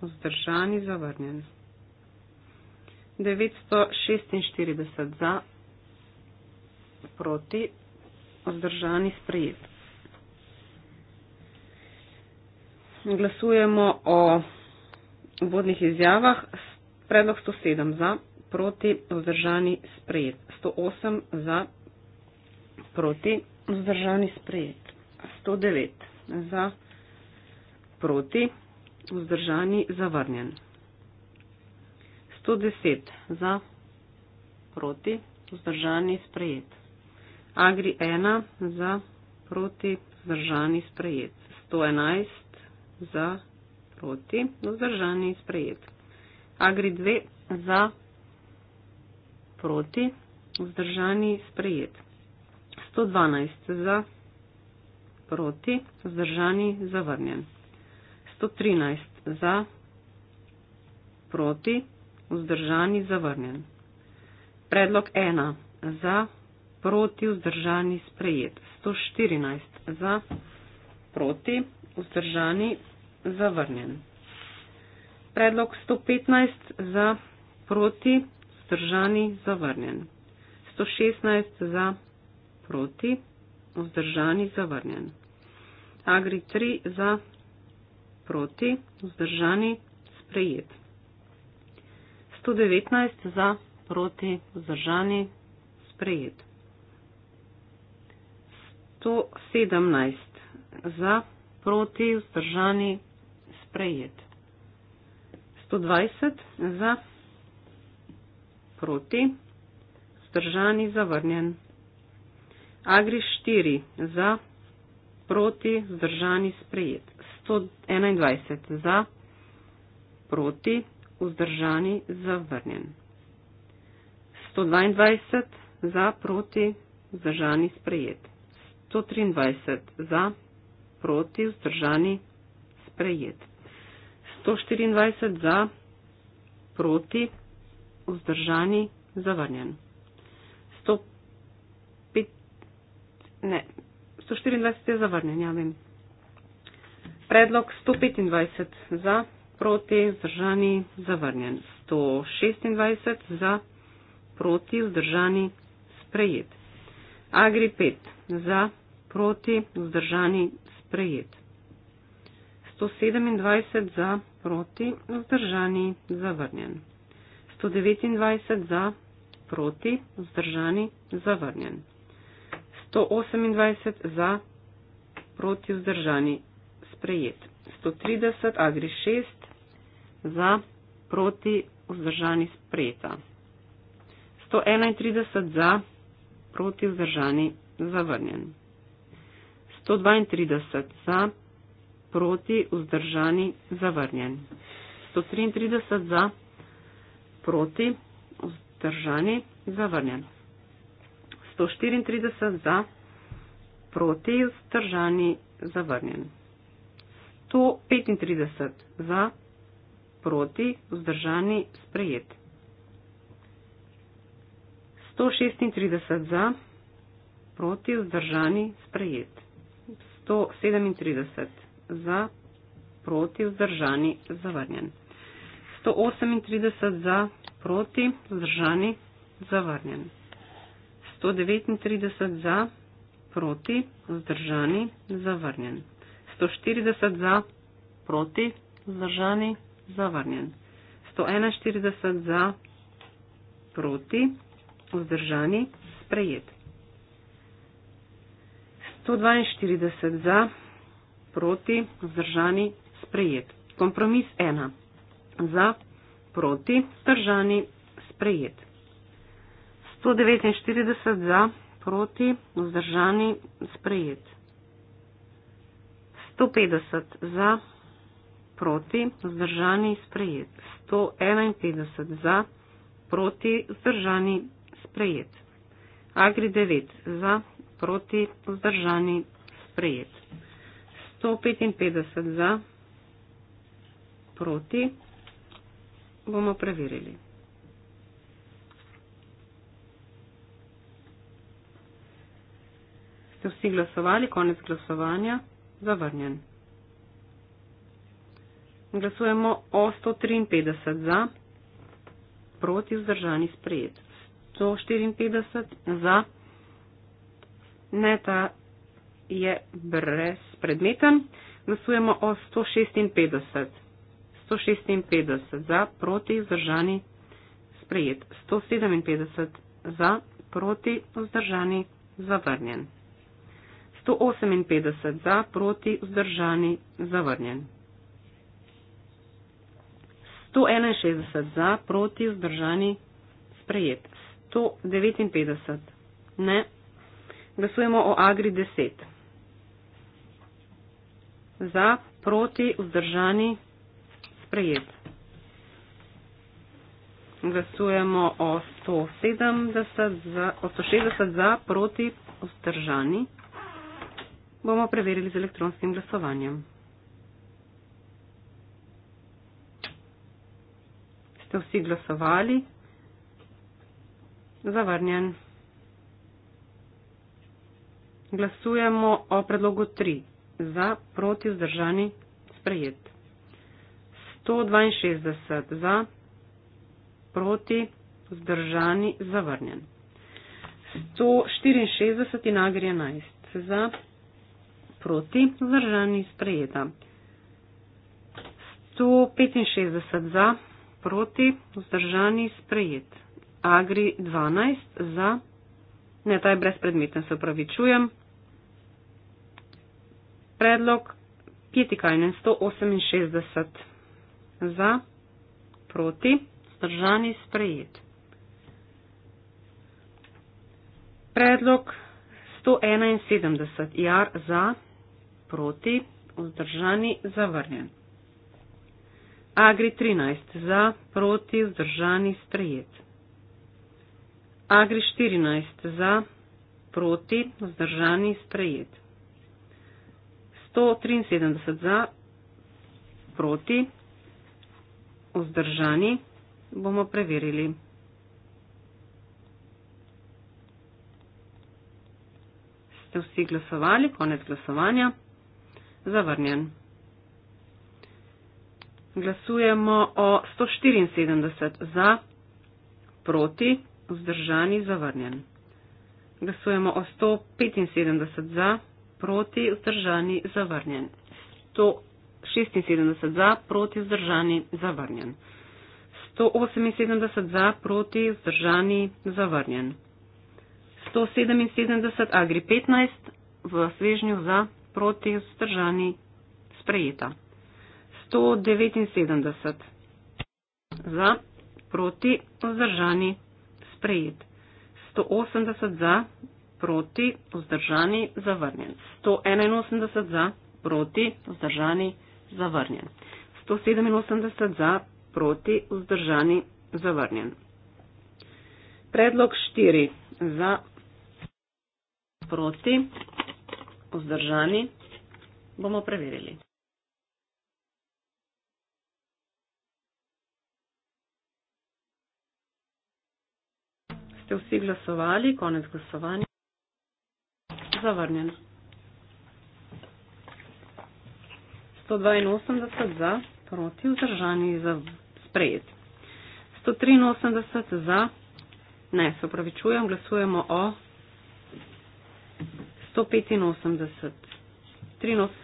vzdržani, zavrnjen. 946 za, proti, vzdržani sprejet. Glasujemo o vodnih izjavah. Predlog 107 za, proti, vzdržani sprejet. 108 za, proti, vzdržani sprejet. 109 za, proti, vzdržani zavrnjen. 110 za, proti, vzdržani sprejet. Agri 1 za proti, vzdržani sprejet. 111 za proti, vzdržani sprejet. Agri 2 za proti, vzdržani sprejet. 112 za proti, vzdržani zavrnjen. 113 za proti, vzdržani zavrnjen. Predlog 1 za proti proti, vzdržani, sprejet. 114 za, proti, vzdržani, zavrnjen. Predlog 115 za, proti, vzdržani, zavrnjen. 116 za, proti, vzdržani, zavrnjen. Agri 3 za, proti, vzdržani, sprejet. 119 za, proti, vzdržani, sprejet. 117 za, proti, vzdržani, sprejet. 120 za, proti, vzdržani, zavrnjen. Agri 4 za, proti, vzdržani, sprejet. 121 za, proti, vzdržani, zavrnjen. 122 za, proti, vzdržani, sprejet. 123 za, proti, vzdržani, sprejet. 124 za, proti, vzdržani, zavrnjen. 105, ne, 124 je zavrnjen, ja vem. Predlog 125 za, proti, vzdržani, zavrnjen. 126 za, proti, vzdržani, sprejet. Agri 5 za, proti, vzdržani, zavrnjen proti, vzdržani, sprejet. 127 za, proti, vzdržani, zavrnjen. 129 za, proti, vzdržani, zavrnjen. 128 za, proti, vzdržani, sprejet. 130 agri 6 za, proti, vzdržani, sprejeta. 131 za, proti, vzdržani, zavrnjen. 132 za, proti, vzdržani, zavrnjen. 133 za, proti, vzdržani, zavrnjen. 134 za, proti, vzdržani, zavrnjen. 135 za, proti, vzdržani, sprejet. 136 za, proti, vzdržani, sprejet. 137 za, proti, vzdržani, zavrnjen. 138 za, proti, vzdržani, zavrnjen. 139 za, proti, vzdržani, zavrnjen. 140 za, proti, vzdržani, zavrnjen. 141 za, proti, vzdržani, sprejet. 142 za, proti, vzdržani, sprejet. Kompromis 1. Za, proti, vzdržani, sprejet. 149 za, proti, vzdržani, sprejet. 150 za, proti, vzdržani, sprejet. 151 za, proti, vzdržani, sprejet. Agri 9 za, proti proti, vzdržani, sprejet. 155 za, proti, bomo preverili. Ste vsi glasovali, konec glasovanja, zavrnjen. Glasujemo o 153 za, proti vzdržani sprejet. 154 za ne ta je brezpredmeten. Glasujemo o 156. 156 za, proti, vzdržani, sprejet. 157 za, proti, vzdržani, zavrnjen. 158 za, proti, vzdržani, zavrnjen. 161 za, proti, vzdržani, sprejet. 159 ne, Glasujemo o Agri 10. Za, proti, vzdržani, sprejet. Glasujemo o 170 za, o 160 za, proti, vzdržani. Bomo preverili z elektronskim glasovanjem. Ste vsi glasovali? Zavrnjen. Glasujemo o predlogu 3. Za, proti, zdržani, sprejet. 162 za, proti, zdržani, zavrnjen. 164 in agr 11 za, proti, zdržani, sprejeta. 165 za, proti, zdržani, sprejet. Agri 12 za, ne, ta je brezpredmeten, se upravičujem predlog Pietikajnen 168 za, proti, zdržani sprejet. Predlog 171 jar za, proti, vzdržani zavrnjen. Agri 13 za, proti, vzdržani sprejet. Agri 14 za, proti, vzdržani sprejet. 173 za, proti, vzdržani, bomo preverili. Ste vsi glasovali, konec glasovanja, zavrnjen. Glasujemo o 174 za, proti, vzdržani, zavrnjen. Glasujemo o 175 za, proti, vzdržani, zavrnjen proti, vzdržani, zavrnjen. To 76 za, proti, vzdržani, zavrnjen. 178 za, proti, vzdržani, zavrnjen. 177 agri 15 v svežnju za, proti, vzdržani, sprejeta. 179 za, proti, vzdržani, sprejet. 180 za, proti, vzdržani, zavrnjen. 181 za, proti, vzdržani, zavrnjen. 187 za, proti, vzdržani, zavrnjen. Predlog 4 za, proti, vzdržani, bomo preverili. Ste vsi glasovali, konec glasovanja zavrnjen. 182 za, proti, vzdržani za sprejet. 183 za, ne, se upravičujem, glasujemo o 185.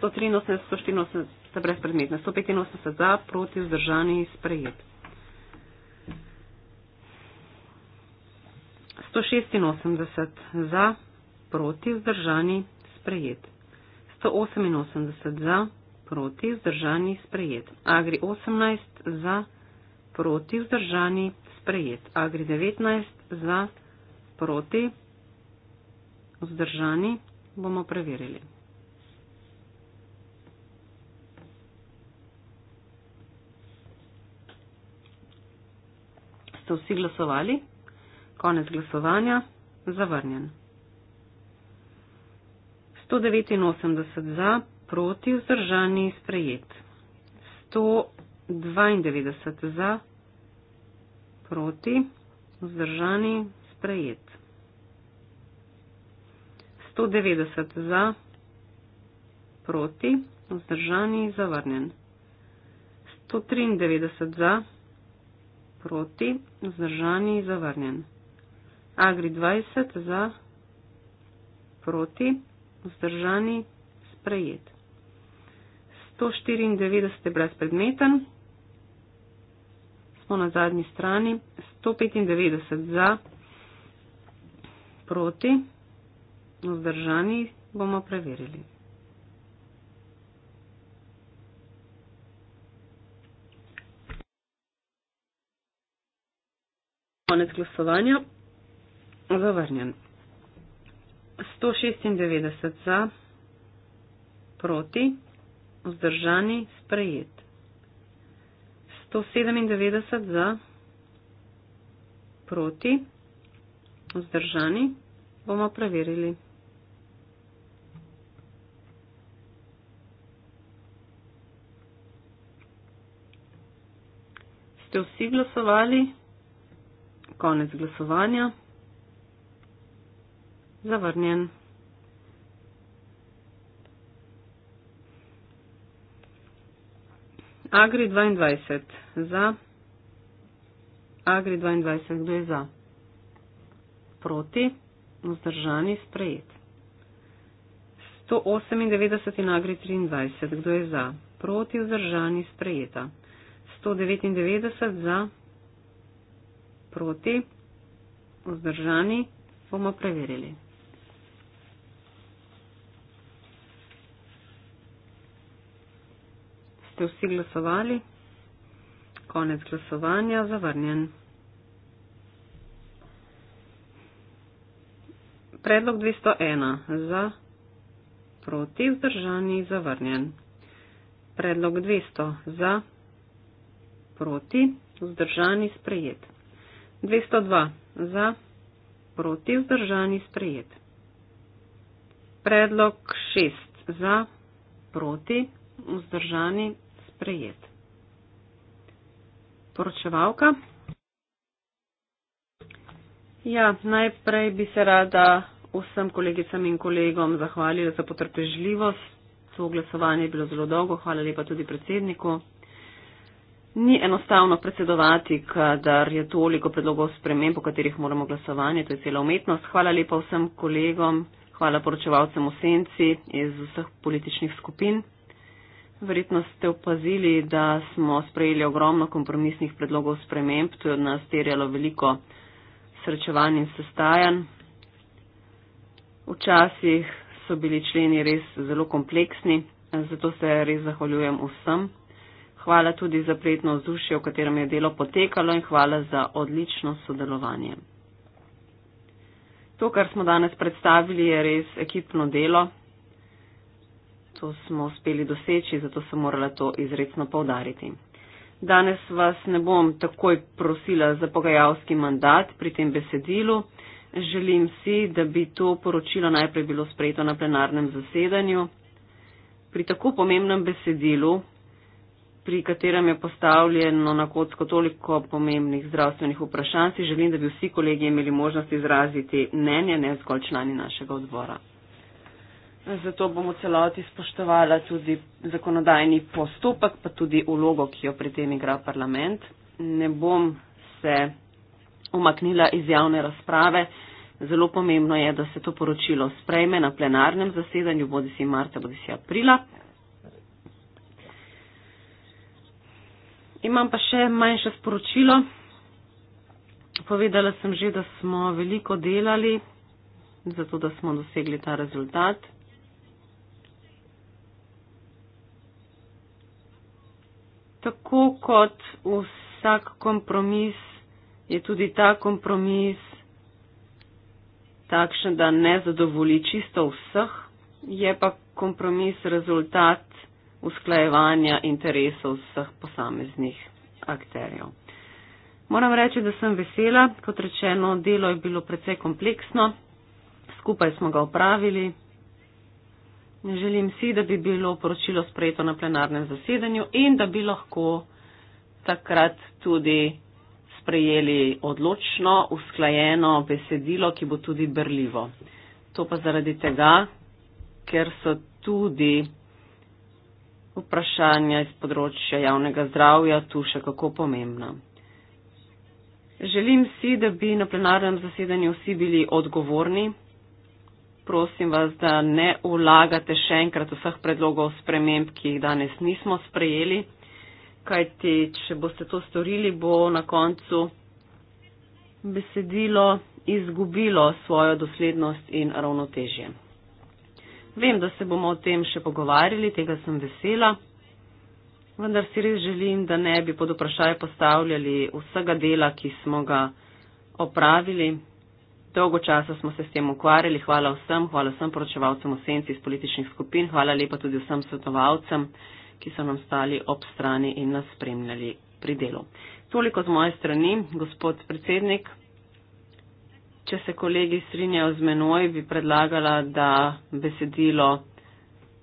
183, 184, brezpredmetne. 185 za, proti, vzdržani sprejet. 186 za, proti, vzdržani, sprejet. 188 za, proti, vzdržani, sprejet. Agri 18 za, proti, vzdržani, sprejet. Agri 19 za, proti, vzdržani, bomo preverili. Ste vsi glasovali? Konec glasovanja. Zavrnjen. 189 za, proti vzdržani sprejet. 192 za, proti vzdržani sprejet. 190 za, proti vzdržani zavrnjen. 193 za, proti vzdržani zavrnjen. Agri 20 za, proti vzdržani zavrnjen vzdržani, sprejet. 194 brezpredmeten, smo na zadnji strani, 195 za, proti, vzdržani bomo preverili. Konec glasovanja, zavrnjen. 196 za, proti, vzdržani, sprejet. 197 za, proti, vzdržani, bomo preverili. Ste vsi glasovali? Konec glasovanja zavrnjen. Agri 22 za. Agri 22, kdo je za? Proti, vzdržani, sprejet. 198 in Agri 23, kdo je za? Proti, vzdržani, sprejeta. 199 za, proti, vzdržani, bomo preverili. ste vsi glasovali. Konec glasovanja, zavrnjen. Predlog 201 za, proti vzdržani, zavrnjen. Predlog 200 za, proti vzdržani, sprejet. 202 za, proti vzdržani, sprejet. Predlog 6 za, proti vzdržani, sprejet. Poročevalka. Ja, najprej bi se rada vsem kolegicam in kolegom zahvalila za potrpežljivost. To glasovanje je bilo zelo dolgo, hvala lepa tudi predsedniku. Ni enostavno predsedovati, kadar je toliko predlogov sprememb, po katerih moramo glasovanje, to je cela umetnost. Hvala lepa vsem kolegom, hvala poročevalcem v senci iz vseh političnih skupin. Verjetno ste opazili, da smo sprejeli ogromno kompromisnih predlogov sprememb. To je od nas terjalo veliko srečevanj in sestajanj. Včasih so bili členi res zelo kompleksni, zato se res zahvaljujem vsem. Hvala tudi za prijetno vzdušje, v katerem je delo potekalo in hvala za odlično sodelovanje. To, kar smo danes predstavili, je res ekipno delo to smo uspeli doseči, zato sem morala to izredno povdariti. Danes vas ne bom takoj prosila za pogajalski mandat pri tem besedilu. Želim si, da bi to poročilo najprej bilo sprejeto na plenarnem zasedanju. Pri tako pomembnem besedilu, pri katerem je postavljeno na kocko toliko pomembnih zdravstvenih vprašanj, si želim, da bi vsi kolegi imeli možnost izraziti mnenje, ne zgolj člani našega odbora. Zato bomo celoti spoštovala tudi zakonodajni postopek, pa tudi ulogo, ki jo pri tem igra parlament. Ne bom se umaknila iz javne razprave. Zelo pomembno je, da se to poročilo sprejme na plenarnem zasedanju, bodi si marca, bodi si aprila. Imam pa še manjše sporočilo. Povedala sem že, da smo veliko delali, zato da smo dosegli ta rezultat. tako kot vsak kompromis, je tudi ta kompromis takšen, da ne zadovoli čisto vseh, je pa kompromis rezultat usklajevanja interesov vseh posameznih akterjev. Moram reči, da sem vesela, kot rečeno, delo je bilo precej kompleksno, skupaj smo ga upravili. Ne želim si, da bi bilo poročilo sprejeto na plenarnem zasedanju in da bi lahko takrat tudi sprejeli odločno, usklajeno besedilo, ki bo tudi brljivo. To pa zaradi tega, ker so tudi vprašanja iz področja javnega zdravja tu še kako pomembna. Želim si, da bi na plenarnem zasedanju vsi bili odgovorni prosim vas, da ne ulagate še enkrat vseh predlogov sprememb, ki jih danes nismo sprejeli, kajti če boste to storili, bo na koncu besedilo izgubilo svojo doslednost in ravnotežje. Vem, da se bomo o tem še pogovarjali, tega sem vesela, vendar si res želim, da ne bi pod vprašaj postavljali vsega dela, ki smo ga opravili Dolgo časa smo se s tem ukvarjali. Hvala vsem, hvala vsem poročevalcem v senci iz političnih skupin, hvala lepa tudi vsem svetovalcem, ki so nam stali ob strani in nas spremljali pri delu. Toliko z moje strani, gospod predsednik. Če se kolegi strinjajo z menoj, bi predlagala, da besedilo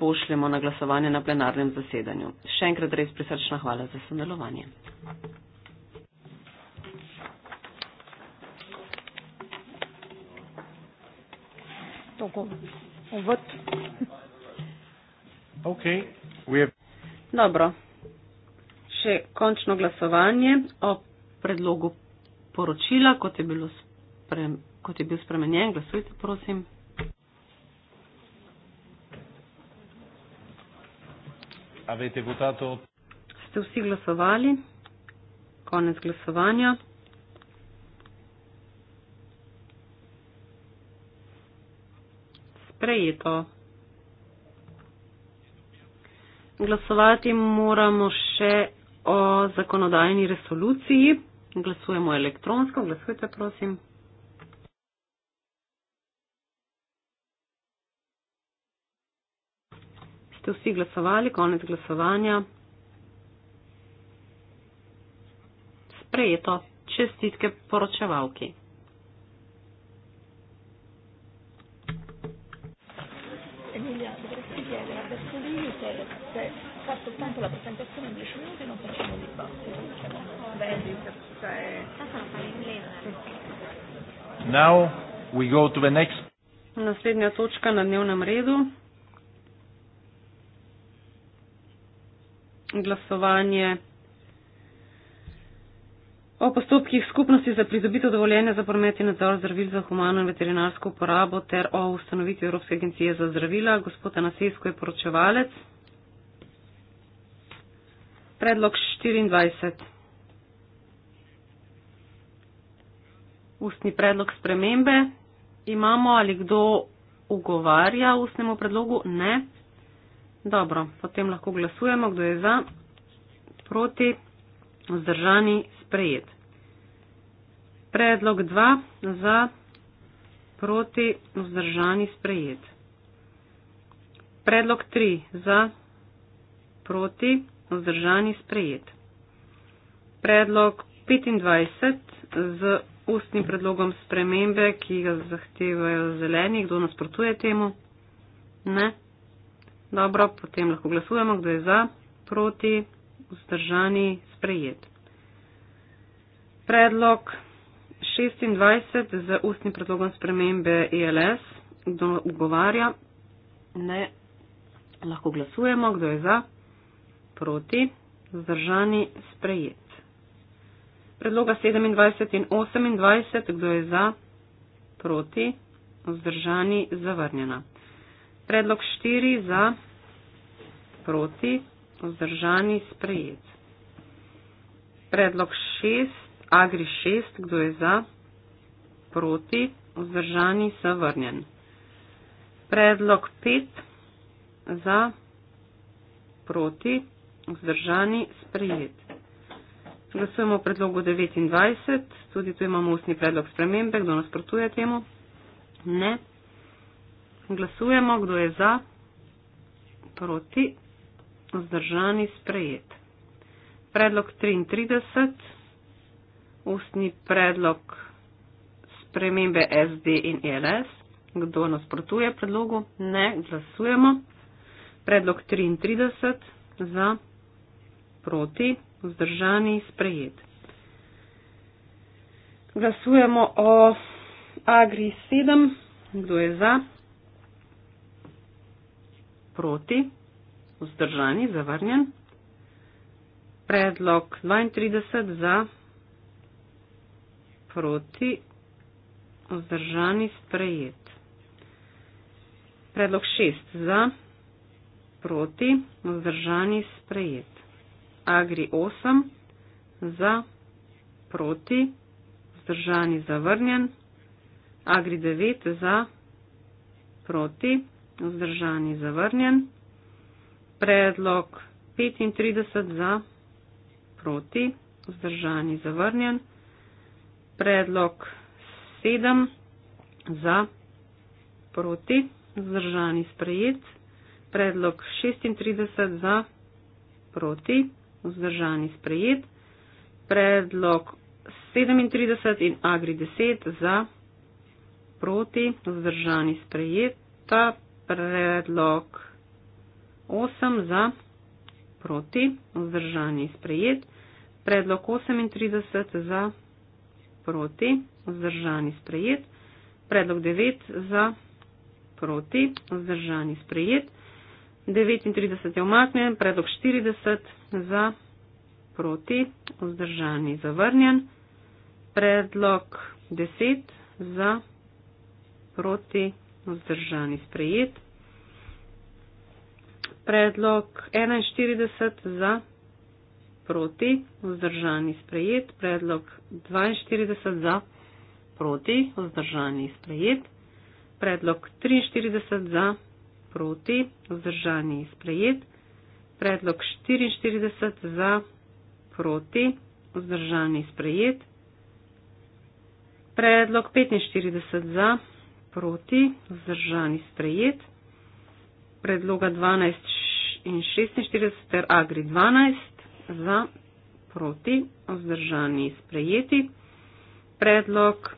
pošljemo na glasovanje na plenarnem zasedanju. Še enkrat res prisrčna hvala za sodelovanje. Uvod. (laughs) Okay. Have... Dobro. Še končno glasovanje o predlogu poročila, kot je, bilo spre... kot je bil spremenjen. Glasujte, prosim. Avete votato? Ste vsi glasovali? Konec glasovanja. sprejeto. Glasovati moramo še o zakonodajni resoluciji. Glasujemo elektronsko. Glasujte, prosim. Ste vsi glasovali? Konec glasovanja. Sprejeto. Čestitke poročevalki. soltanto la presentazione in 10 minuti non facciamo di basso. Naslednja točka na dnevnem redu. Glasovanje o postopkih skupnosti za pridobitev dovoljenja za promet in nadzor zdravil za humano in veterinarsko uporabo ter o ustanovitvi Evropske agencije za zdravila. Gospod Anasejsko je poročevalec. Predlog 24. Ustni predlog spremembe. Imamo ali kdo ugovarja ustnemu predlogu? Ne. Dobro, potem lahko glasujemo, kdo je za, proti, vzdržani, sprejet. Predlog 2 za, proti, vzdržani, sprejet. Predlog 3 za, proti, vzdržani, sprejet vzdržani sprejet. Predlog 25 z ustnim predlogom spremembe, ki ga zahtevajo zeleni, kdo nasprotuje temu? Ne. Dobro, potem lahko glasujemo, kdo je za, proti, vzdržani, sprejet. Predlog 26 z ustnim predlogom spremembe ELS, kdo ugovarja? Ne. Lahko glasujemo, kdo je za, proti, vzdržani, sprejet. Predloga 27 in 28, kdo je za, proti, vzdržani, zavrnjena. Predlog 4 za, proti, vzdržani, sprejet. Predlog 6, agri 6, kdo je za, proti, vzdržani, zavrnjen. Predlog 5 za, proti, vzdržani, sprejet. Glasujemo o predlogu 29, tudi tu imamo ustni predlog spremembe, kdo nasprotuje temu? Ne. Glasujemo, kdo je za, proti, vzdržani, sprejet. Predlog 33, ustni predlog spremembe SD in ELS, kdo nasprotuje predlogu? Ne. Glasujemo. Predlog 33 za proti, vzdržani, sprejet. Glasujemo o Agri 7, kdo je za, proti, vzdržani, zavrnjen. Predlog 32 za, proti, vzdržani, sprejet. Predlog 6 za, proti, vzdržani, sprejet agri 8 za proti, vzdržani zavrnjen, agri 9 za proti, vzdržani zavrnjen, predlog 35 za proti, vzdržani zavrnjen, predlog 7 za proti, vzdržani sprejet, predlog 36 za proti, vzdržani sprejet. Predlog 37 in agri 10 za proti vzdržani sprejeta. Predlog 8 za proti vzdržani sprejet. Predlog 38 za proti vzdržani sprejet. Predlog 9 za proti vzdržani sprejet. 39 je omaknjen, predlog 40 je omaknjen za, proti, vzdržani, zavrnjen. Predlog 10 za, proti, vzdržani, sprejet. Predlog 41 za, proti, vzdržani, sprejet. Predlog 42 za, proti, vzdržani, sprejet. Predlog 43 za, proti, vzdržani, sprejet predlog 44 za proti, vzdržani sprejet. Predlog 45 za proti, vzdržani sprejet. Predloga 12 in 46 ter agri 12 za proti, vzdržani sprejeti. Predlog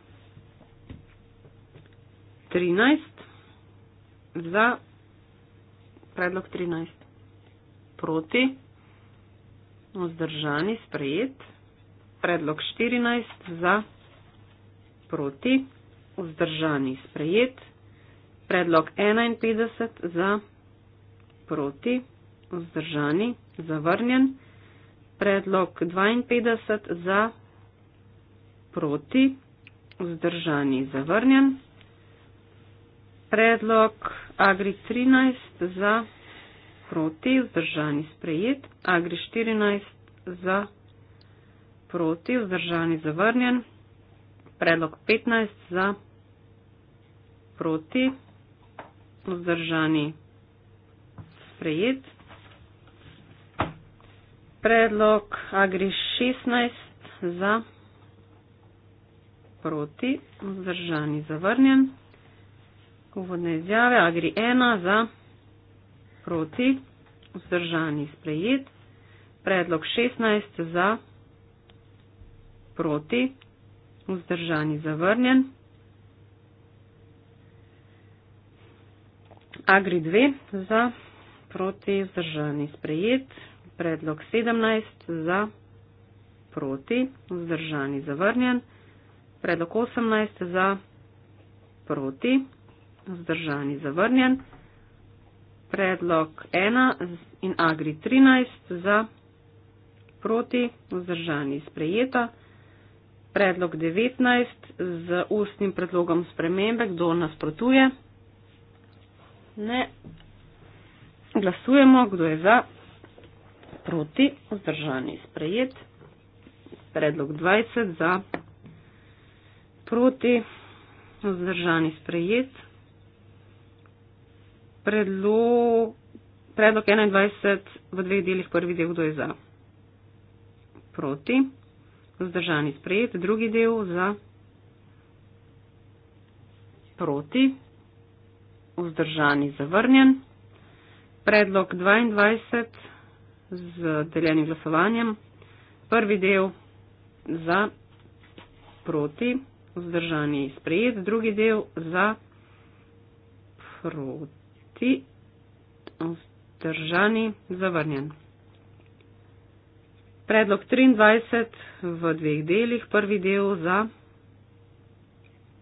13 za predlog 13 proti, vzdržani, sprejet. Predlog 14 za, proti, vzdržani, sprejet. Predlog 51 za, proti, vzdržani, zavrnjen. Predlog 52 za, proti, vzdržani, zavrnjen. Predlog Agri 13 za, proti proti, vzdržani sprejet, agri 14 za proti, vzdržani zavrnjen, predlog 15 za proti, vzdržani sprejet, predlog agri 16 za proti, vzdržani zavrnjen, uvodne izjave agri 1 za proti proti, vzdržani sprejet, predlog 16 za, proti, vzdržani zavrnjen. Agri 2 za, proti, vzdržani sprejet, predlog 17 za, proti, vzdržani zavrnjen, predlog 18 za, proti, vzdržani zavrnjen predlog 1 in agri 13 za proti vzdržani sprejeta, predlog 19 z ustnim predlogom spremembe, kdo nasprotuje. Ne. Glasujemo, kdo je za, proti, vzdržani, sprejet. Predlog 20 za, proti, vzdržani, sprejet predlo, predlog 21 v dveh delih, prvi del, kdo je za? Proti. Zdržani sprejet, drugi del za. Proti. Vzdržani zavrnjen. Predlog 22 z deljenim glasovanjem. Prvi del za. Proti. Vzdržani sprejet, drugi del za. Proti. 3, vzdržani, zavrnjen. Predlog 23 v dveh delih, prvi del za,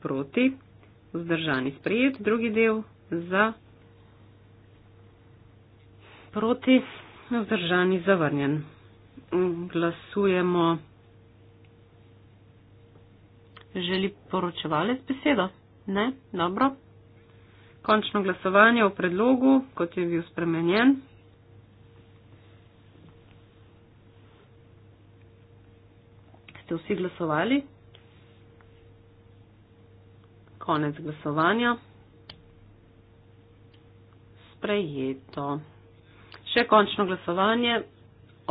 proti, vzdržani, sprejet, drugi del za, proti, vzdržani, zavrnjen. Glasujemo. Želi poročevalec besedo? Ne, dobro končno glasovanje o predlogu, kot je bil spremenjen. Ste vsi glasovali? Konec glasovanja. Sprejeto. Še končno glasovanje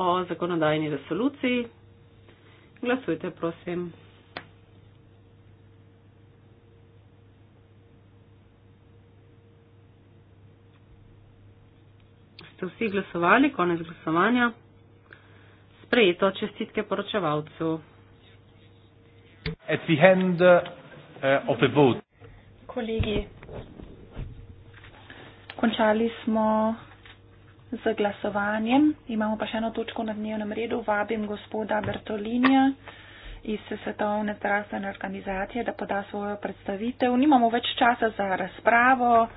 o zakonodajni resoluciji. Glasujte, prosim. ste vsi glasovali, konec glasovanja. Sprejeto čestitke poročevalcu. At the end uh, of the vote. Kolegi, končali smo z glasovanjem. Imamo pa še eno točko na dnevnem redu. Vabim gospoda Bertolinija iz Svetovne zdravstvene organizacije, da poda svojo predstavitev. Nimamo več časa za razpravo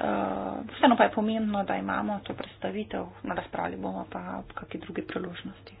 uh, vseeno pa je pomembno, da imamo to predstavitev, na razpravi bomo pa ob kakšni drugi priložnosti.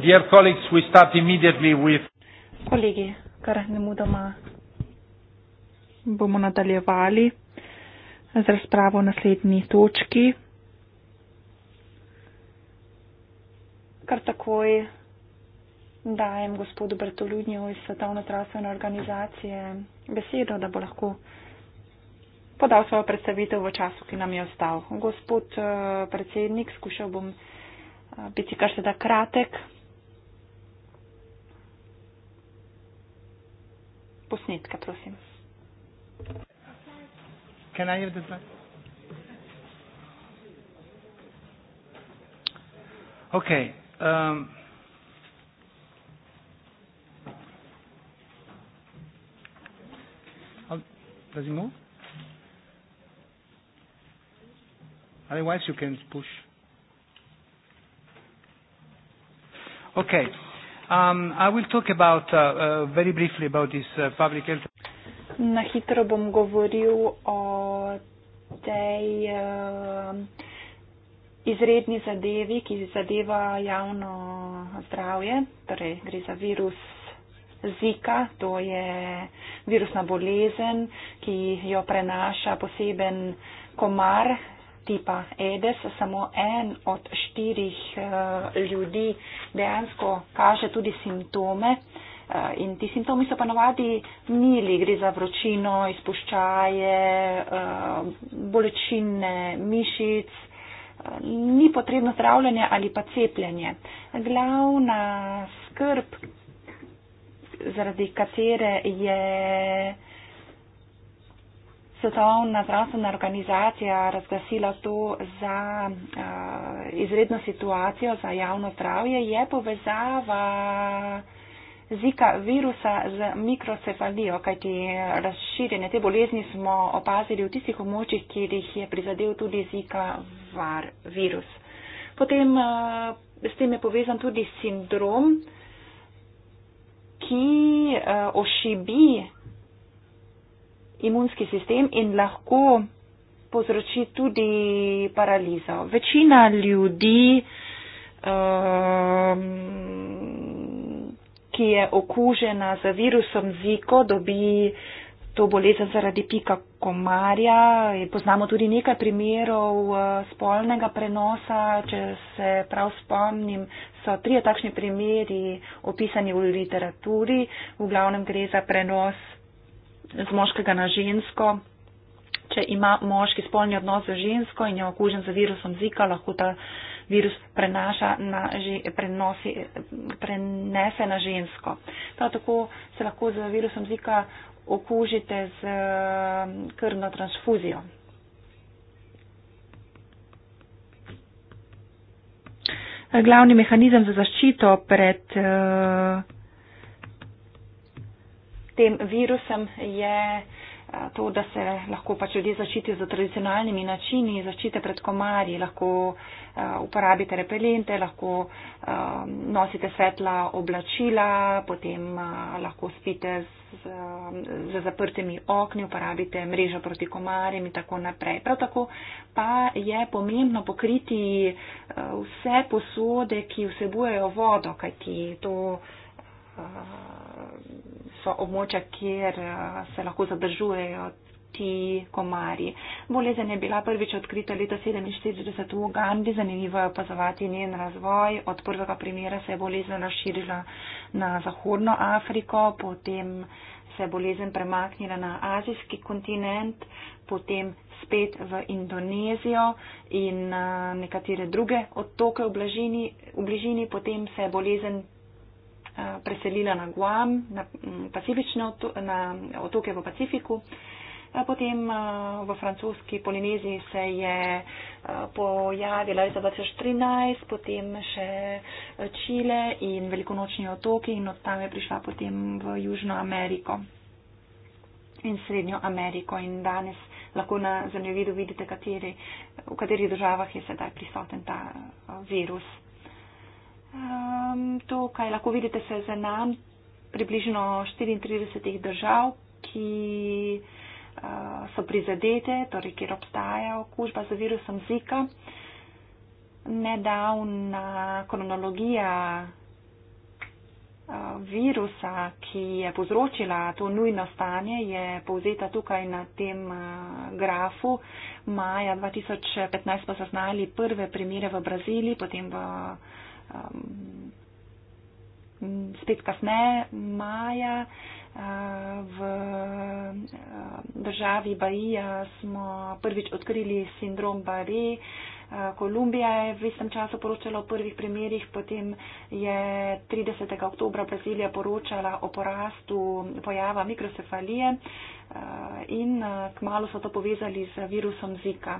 Dear colleagues, we start immediately with Kolegi, kar ne mudoma bomo nadaljevali z razpravo v naslednji točki. Kar takoj dajem gospodu Bertolunju iz Svetovne zdravstvene organizacije besedo, da bo lahko podal svojo predstavitev v času, ki nam je ostal. Gospod eh, predsednik, skušal bom eh, biti kar se da kratek. Posnetka, prosim. Can I have the okay, um, does he move? Otherwise, you can push. Okay. Um, I will talk about uh, uh, very briefly about this uh, public health. Na hitro bom govoril o tej uh, izredni zadevi, ki zadeva javno zdravje, torej gre za virus Zika, to je virusna bolezen, ki jo prenaša poseben komar, tipa Edes, samo en od štirih eh, ljudi dejansko kaže tudi simptome. Eh, in ti simptomi so ponovadi mili, gre za vročino, izpuščaje, eh, bolečine mišic, ni potrebno zdravljenje ali pa cepljenje. Glavna skrb, zaradi katere je svetovna zdravstvena organizacija razglasila to za uh, izredno situacijo za javno zdravje, je povezava zika virusa z mikrocefalijo, kajti razširjene te bolezni smo opazili v tistih območjih, kjer jih je prizadel tudi zika var virus. Potem uh, s tem je povezan tudi sindrom, ki uh, ošibi imunski sistem in lahko povzroči tudi paralizo. Večina ljudi, um, ki je okužena z virusom Ziko, dobi to bolezen zaradi pika komarja. Poznamo tudi nekaj primerov uh, spolnega prenosa, če se prav spomnim, so trije takšni primeri opisani v literaturi. V glavnem gre za prenos z moškega na žensko. Če ima moški spolni odnos z žensko in je okužen z virusom zika, lahko ta virus prenaša na, prenosi, prenese na žensko. Prav tako se lahko z virusom zika okužite z krvno transfuzijo. Glavni mehanizem za zaščito pred tem virusom je eh, to, da se lahko pač ljudje zaščitijo z tradicionalnimi načini zaščite pred komarji, lahko eh, uporabite repelente, lahko eh, nosite svetla oblačila, potem lahko spite z, z zaprtimi okni, uporabite mrežo proti komarjem in tako naprej. Prav tako pa je pomembno pokriti vse posode, ki vsebujejo vodo, kajti to. Eh, so območja, kjer eh, se lahko zadržujejo ti komarji. Bolezen je bila prvič odkrita leta 1947 v Ugandi, zanimivo je opazovati njen razvoj. Od prvega primera se je bolezen razširila na Zahodno Afriko, potem se je bolezen premaknila na azijski kontinent, potem spet v Indonezijo in eh, nekatere druge otoke v bližini, v bližini potem se je bolezen Eh, preselila na Guam, na, mm, na otoke v Pacifiku. Eh, potem eh, v francoski Polineziji se je pojavila leta 2013, potem še Čile in velikonočni otoki in od tam je prišla potem v Južno Ameriko in Srednjo Ameriko in danes lahko na zemljevidu vidite, kateri, v katerih državah je sedaj prisoten ta virus. Um, to, kaj lahko vidite, se za nam približno 34 držav, ki uh, so prizadete, torej kjer obstaja okužba z virusom Zika. Nedavna kronologija eh, virusa, ki je povzročila to nujno stanje, je povzeta tukaj na tem eh, grafu. Maja 2015 pa so znali prve primere v Braziliji, potem v Um, spet kasneje, maja uh, v uh, državi Bahija smo prvič odkrili sindrom Bari. Uh, Kolumbija je v istem času poročala o prvih primerjih, potem je 30. oktober Brazilija poročala o porastu pojava mikrocefalije in kmalo so to povezali z virusom Zika.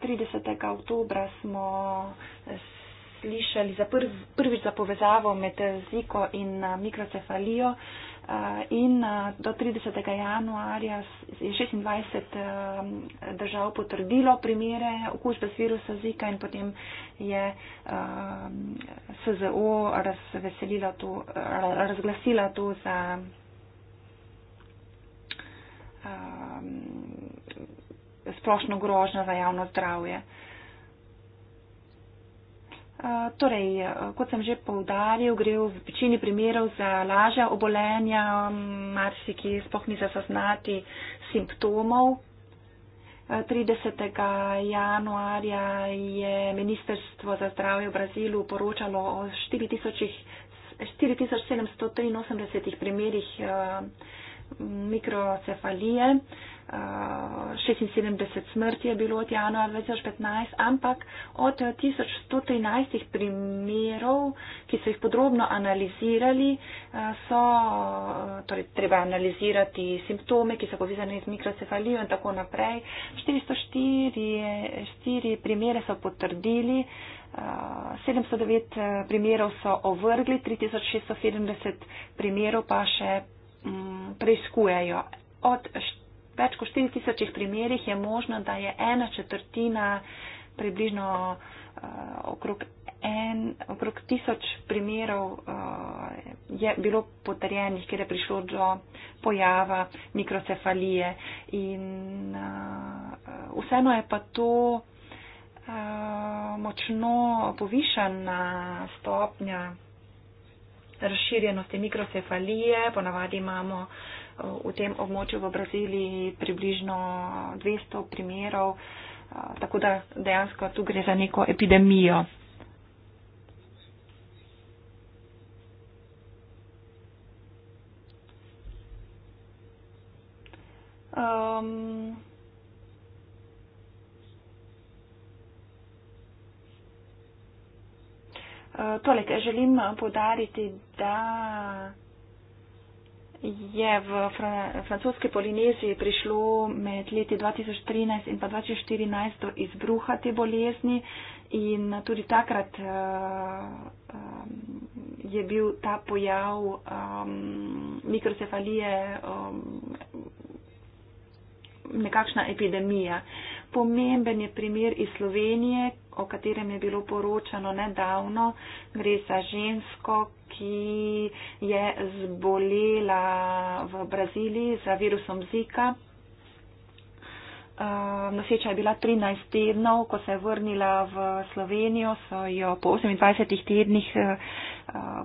30. oktober smo slišali za prv, prvič za povezavo med eh, ziko in eh, mikrocefalijo. Eh, in do 30. januarja je 26 držav potrdilo primere okužbe z virusa zika in potem je SZO to, razglasila to za splošno grožnjo za javno zdravje. Eh, torej, eh, kot sem že povdaril, gre v večini primerov za lažja obolenja, marsiki spoh ni zaznati simptomov. 30. Eh, januarja je Ministrstvo za zdravje v Brazilu poročalo o 4783 primerih mikrocefalije. 76 smrti je bilo od januarja 2015, ampak od 1113 primerov, ki so jih podrobno analizirali, eh, so torej, treba analizirati simptome, ki so povezani z mikrocefalijo in tako naprej. 404 primere so potrdili. 709 eh, eh, primerov so ovrgli, 3670 primerov pa še mm, preiskujejo. Od več kot 4000 primerjih je možno, da je ena četrtina, približno uh, okrog 1000 primerov uh, je bilo potrjenih, kjer je prišlo do pojava mikrocefalije. In uh, vseeno je pa to uh, močno povišana stopnja razširjenosti mikrocefalije. Ponavadi imamo uh, v tem območju v Braziliji približno 200 primerov, tako da dejansko tu gre za neko epidemijo. Um, Tolete, želim podariti, da je v francoski Polineziji prišlo med leti 2013 in pa 2014 do izbruha te bolezni in tudi takrat eh, eh, je bil ta pojav eh, mikrocefalije nekakšna epidemija pomemben je primer iz Slovenije, o katerem je bilo poročano nedavno. Gre za žensko, ki je zbolela v Braziliji za virusom Zika. Um, noseča je bila 13 tednov, ko se je vrnila v Slovenijo, so jo po 28 tednih eh,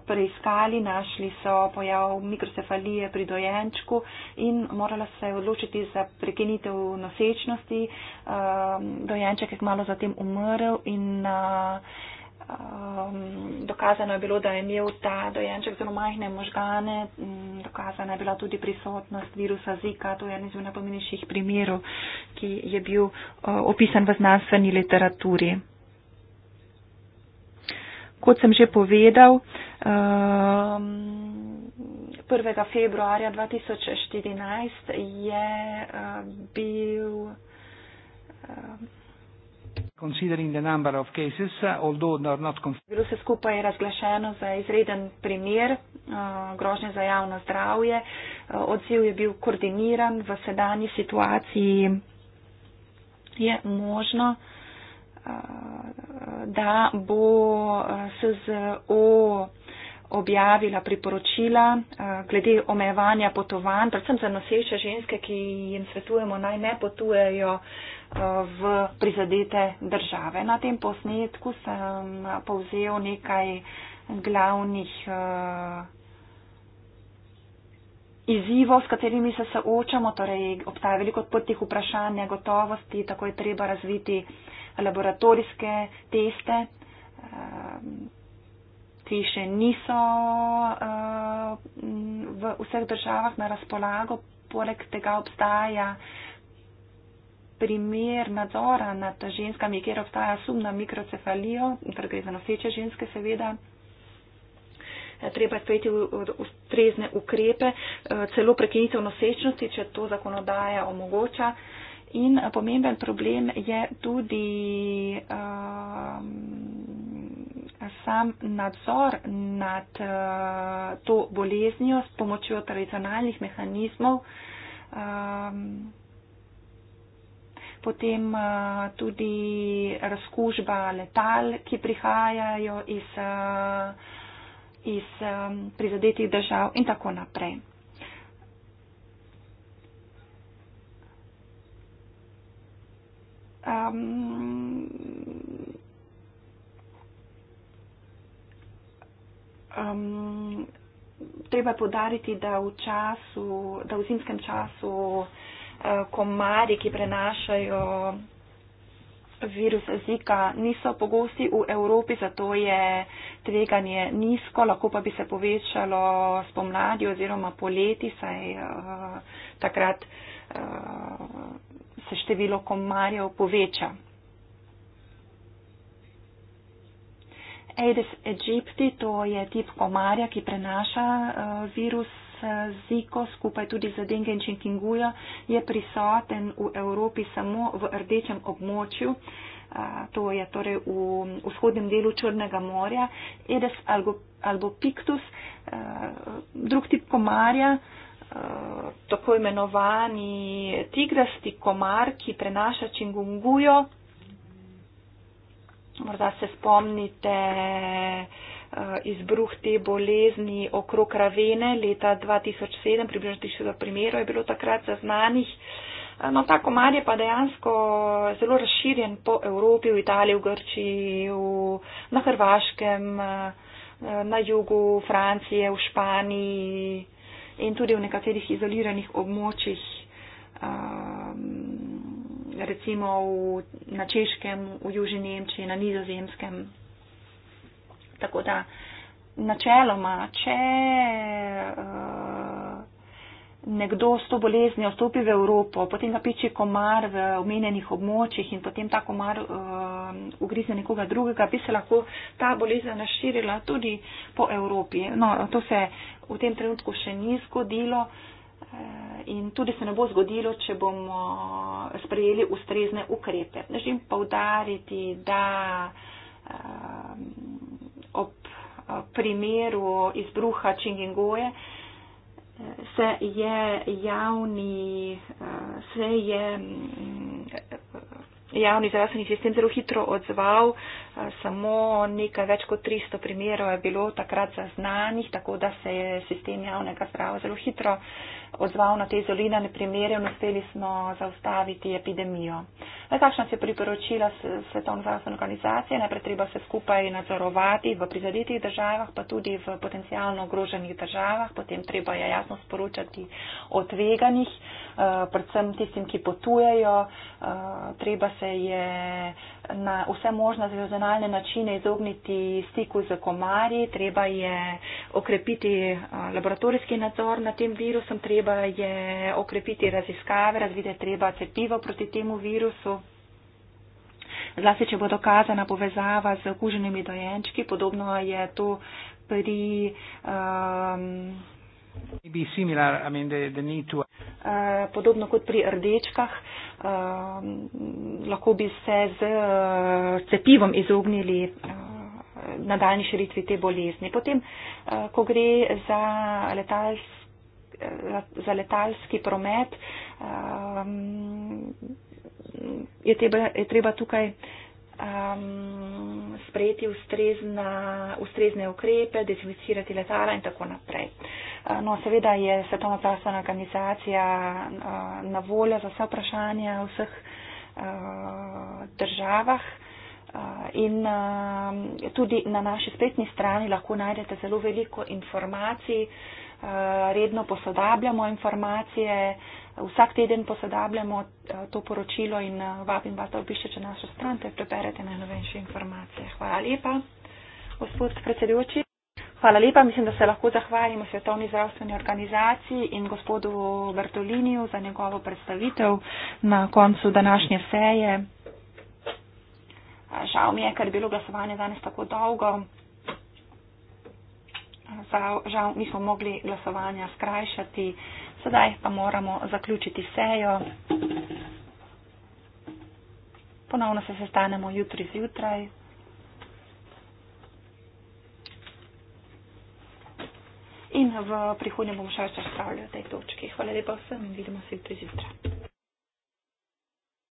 preiskali, našli so pojav mikrocefalije pri dojenčku in morala se je odločiti za prekinitev nosečnosti. Um, dojenček je kmalo zatem umrl in um, dokazano je bilo, da je imel ta dojenček zelo majhne možgane, um, dokazana je bila tudi prisotnost virusa Zika, to je en izmed najpomenjših primerov, ki je bil uh, opisan v znanstveni literaturi kot sem že povedal, 1. Ehm, februarja 2014 je eh, bil. Ehm, bilo se skupaj razglašeno za izreden primer eh, grožnje za javno zdravje. Eh, odziv je bil koordiniran v sedanji situaciji. Je možno da bo eh, SZO objavila priporočila eh, glede omejevanja potovanj, predvsem za noseče ženske, ki jim svetujemo naj ne potujejo eh, v prizadete države. Na tem posnetku sem povzel nekaj glavnih izzivov, s katerimi se soočamo, torej ob ta veliko odprtih vprašanj negotovosti, tako je treba razviti laboratorijske teste, ki eh, še niso eh, v vseh državah na razpolago. Poleg tega obstaja primer nadzora nad ženskami, kjer obstaja sum na mikrocefalijo, torej gre za noseče ženske seveda. Eh, treba sprejeti ustrezne ukrepe, eh, celo prekinitev nosečnosti, če to zakonodaja omogoča. In eh, pomemben problem je tudi um, sam nadzor nad uh, to boleznjo s pomočjo tradicionalnih mehanizmov. Um, potem uh, tudi razkužba letal, ki prihajajo iz. Uh, iz um, prizadetih držav in tako naprej. Um, Um, treba je podariti, da v, času, da v zimskem času uh, komari, ki prenašajo virus Zika niso pogosti v Evropi, zato je tveganje nizko, lahko pa bi se povečalo spomladi oziroma poleti, saj uh, takrat uh, se število komarjev poveča. Aedes aegypti, to je tip komarja, ki prenaša uh, virus Ziko skupaj tudi z denge in čenkingujo je prisoten v Evropi samo v rdečem območju, to je torej v vzhodnem delu Črnega morja, Edes albopictus, drug tip komarja, tako imenovani tigrasti komar, ki prenaša čenkingujo. Morda se spomnite. Eh, izbruh te bolezni okrog ravene leta 2007, približno tisoč primerov je bilo takrat zaznanih. Eh, no, ta komar je pa dejansko zelo razširjen po Evropi, v Italiji, v Grčiji, v, na Hrvaškem, eh, na jugu Francije, v Španiji in tudi v nekaterih izoliranih območjih, recimo v, na Češkem, v Južni Nemčiji, na Nizozemskem. Tako da, načeloma, če uh, nekdo s to boleznijo stopi v Evropo, potem ga piči komar v omenjenih območjih in potem ta komar uh, ugrize nekoga drugega, bi se lahko ta bolezen naširila tudi po Evropi. No, to se v tem trenutku še ni zgodilo. Eh, in tudi se ne bo zgodilo, če bomo sprejeli ustrezne ukrepe. Želim pa udariti, da um, primeru izbruha Čingingoje se je javni, se je mm, javni zdravstveni sistem zelo hitro odzval, samo nekaj več kot 300 primerov je bilo takrat zaznanih, tako da se je sistem javnega zdravja zelo hitro odzval na te izolirane primere in uspeli smo zaustaviti epidemijo. Takšna se priporočila Svetovne zdravstvene organizacije, najprej treba se skupaj nadzorovati v prizaditih državah, pa tudi v potencijalno ogroženih državah, potem treba je jasno sporočati o tveganjih, eh, predvsem tistim, ki potujejo, eh, treba se je na vse možne zvezdanalne načine izogniti stiku z komarji, treba je okrepiti eh, laboratorijski nadzor nad tem virusom, treba treba je okrepiti raziskave, razvideti je treba cepivo proti temu virusu. Zlasti, če bo dokazana povezava z okuženimi dojenčki, podobno je to pri. Um, be similar, I mean, the, the need to... uh, podobno kot pri rdečkah, uh, lahko bi se z uh, cepivom izognili. Uh, nadaljni širitvi te bolezni. Potem, uh, ko gre za letals, za letalski promet. Um, je, treba, je treba tukaj um, sprejeti ustrezna, ustrezne ukrepe, dezinficirati letala in tako naprej. Uh, no, seveda je Svetovna zdravstvena organizacija uh, na voljo za vse vprašanja v vseh uh, državah. Uh, in um, tudi na naši spletni strani lahko najdete zelo veliko informacij, Eh, redno posodabljamo informacije, vsak teden posodabljamo eh, to poročilo in eh, vabim vas, da obiščete našo stran, da preberete najnovejše informacije. Hvala lepa, gospod predsedujoči. Hvala lepa, mislim, da se lahko zahvalimo Svetovni zdravstveni organizaciji in gospodu Bartoliniju za njegovo predstavitev na koncu današnje seje. Žal mi je, ker je bilo glasovanje danes tako dolgo. Žal nismo mogli glasovanja skrajšati. Sedaj pa moramo zaključiti sejo. Ponovno se sestanemo jutri zjutraj. In v prihodnje bomo še več razpravljali o tej točki. Hvala lepa vsem in vidimo se jutri zjutraj.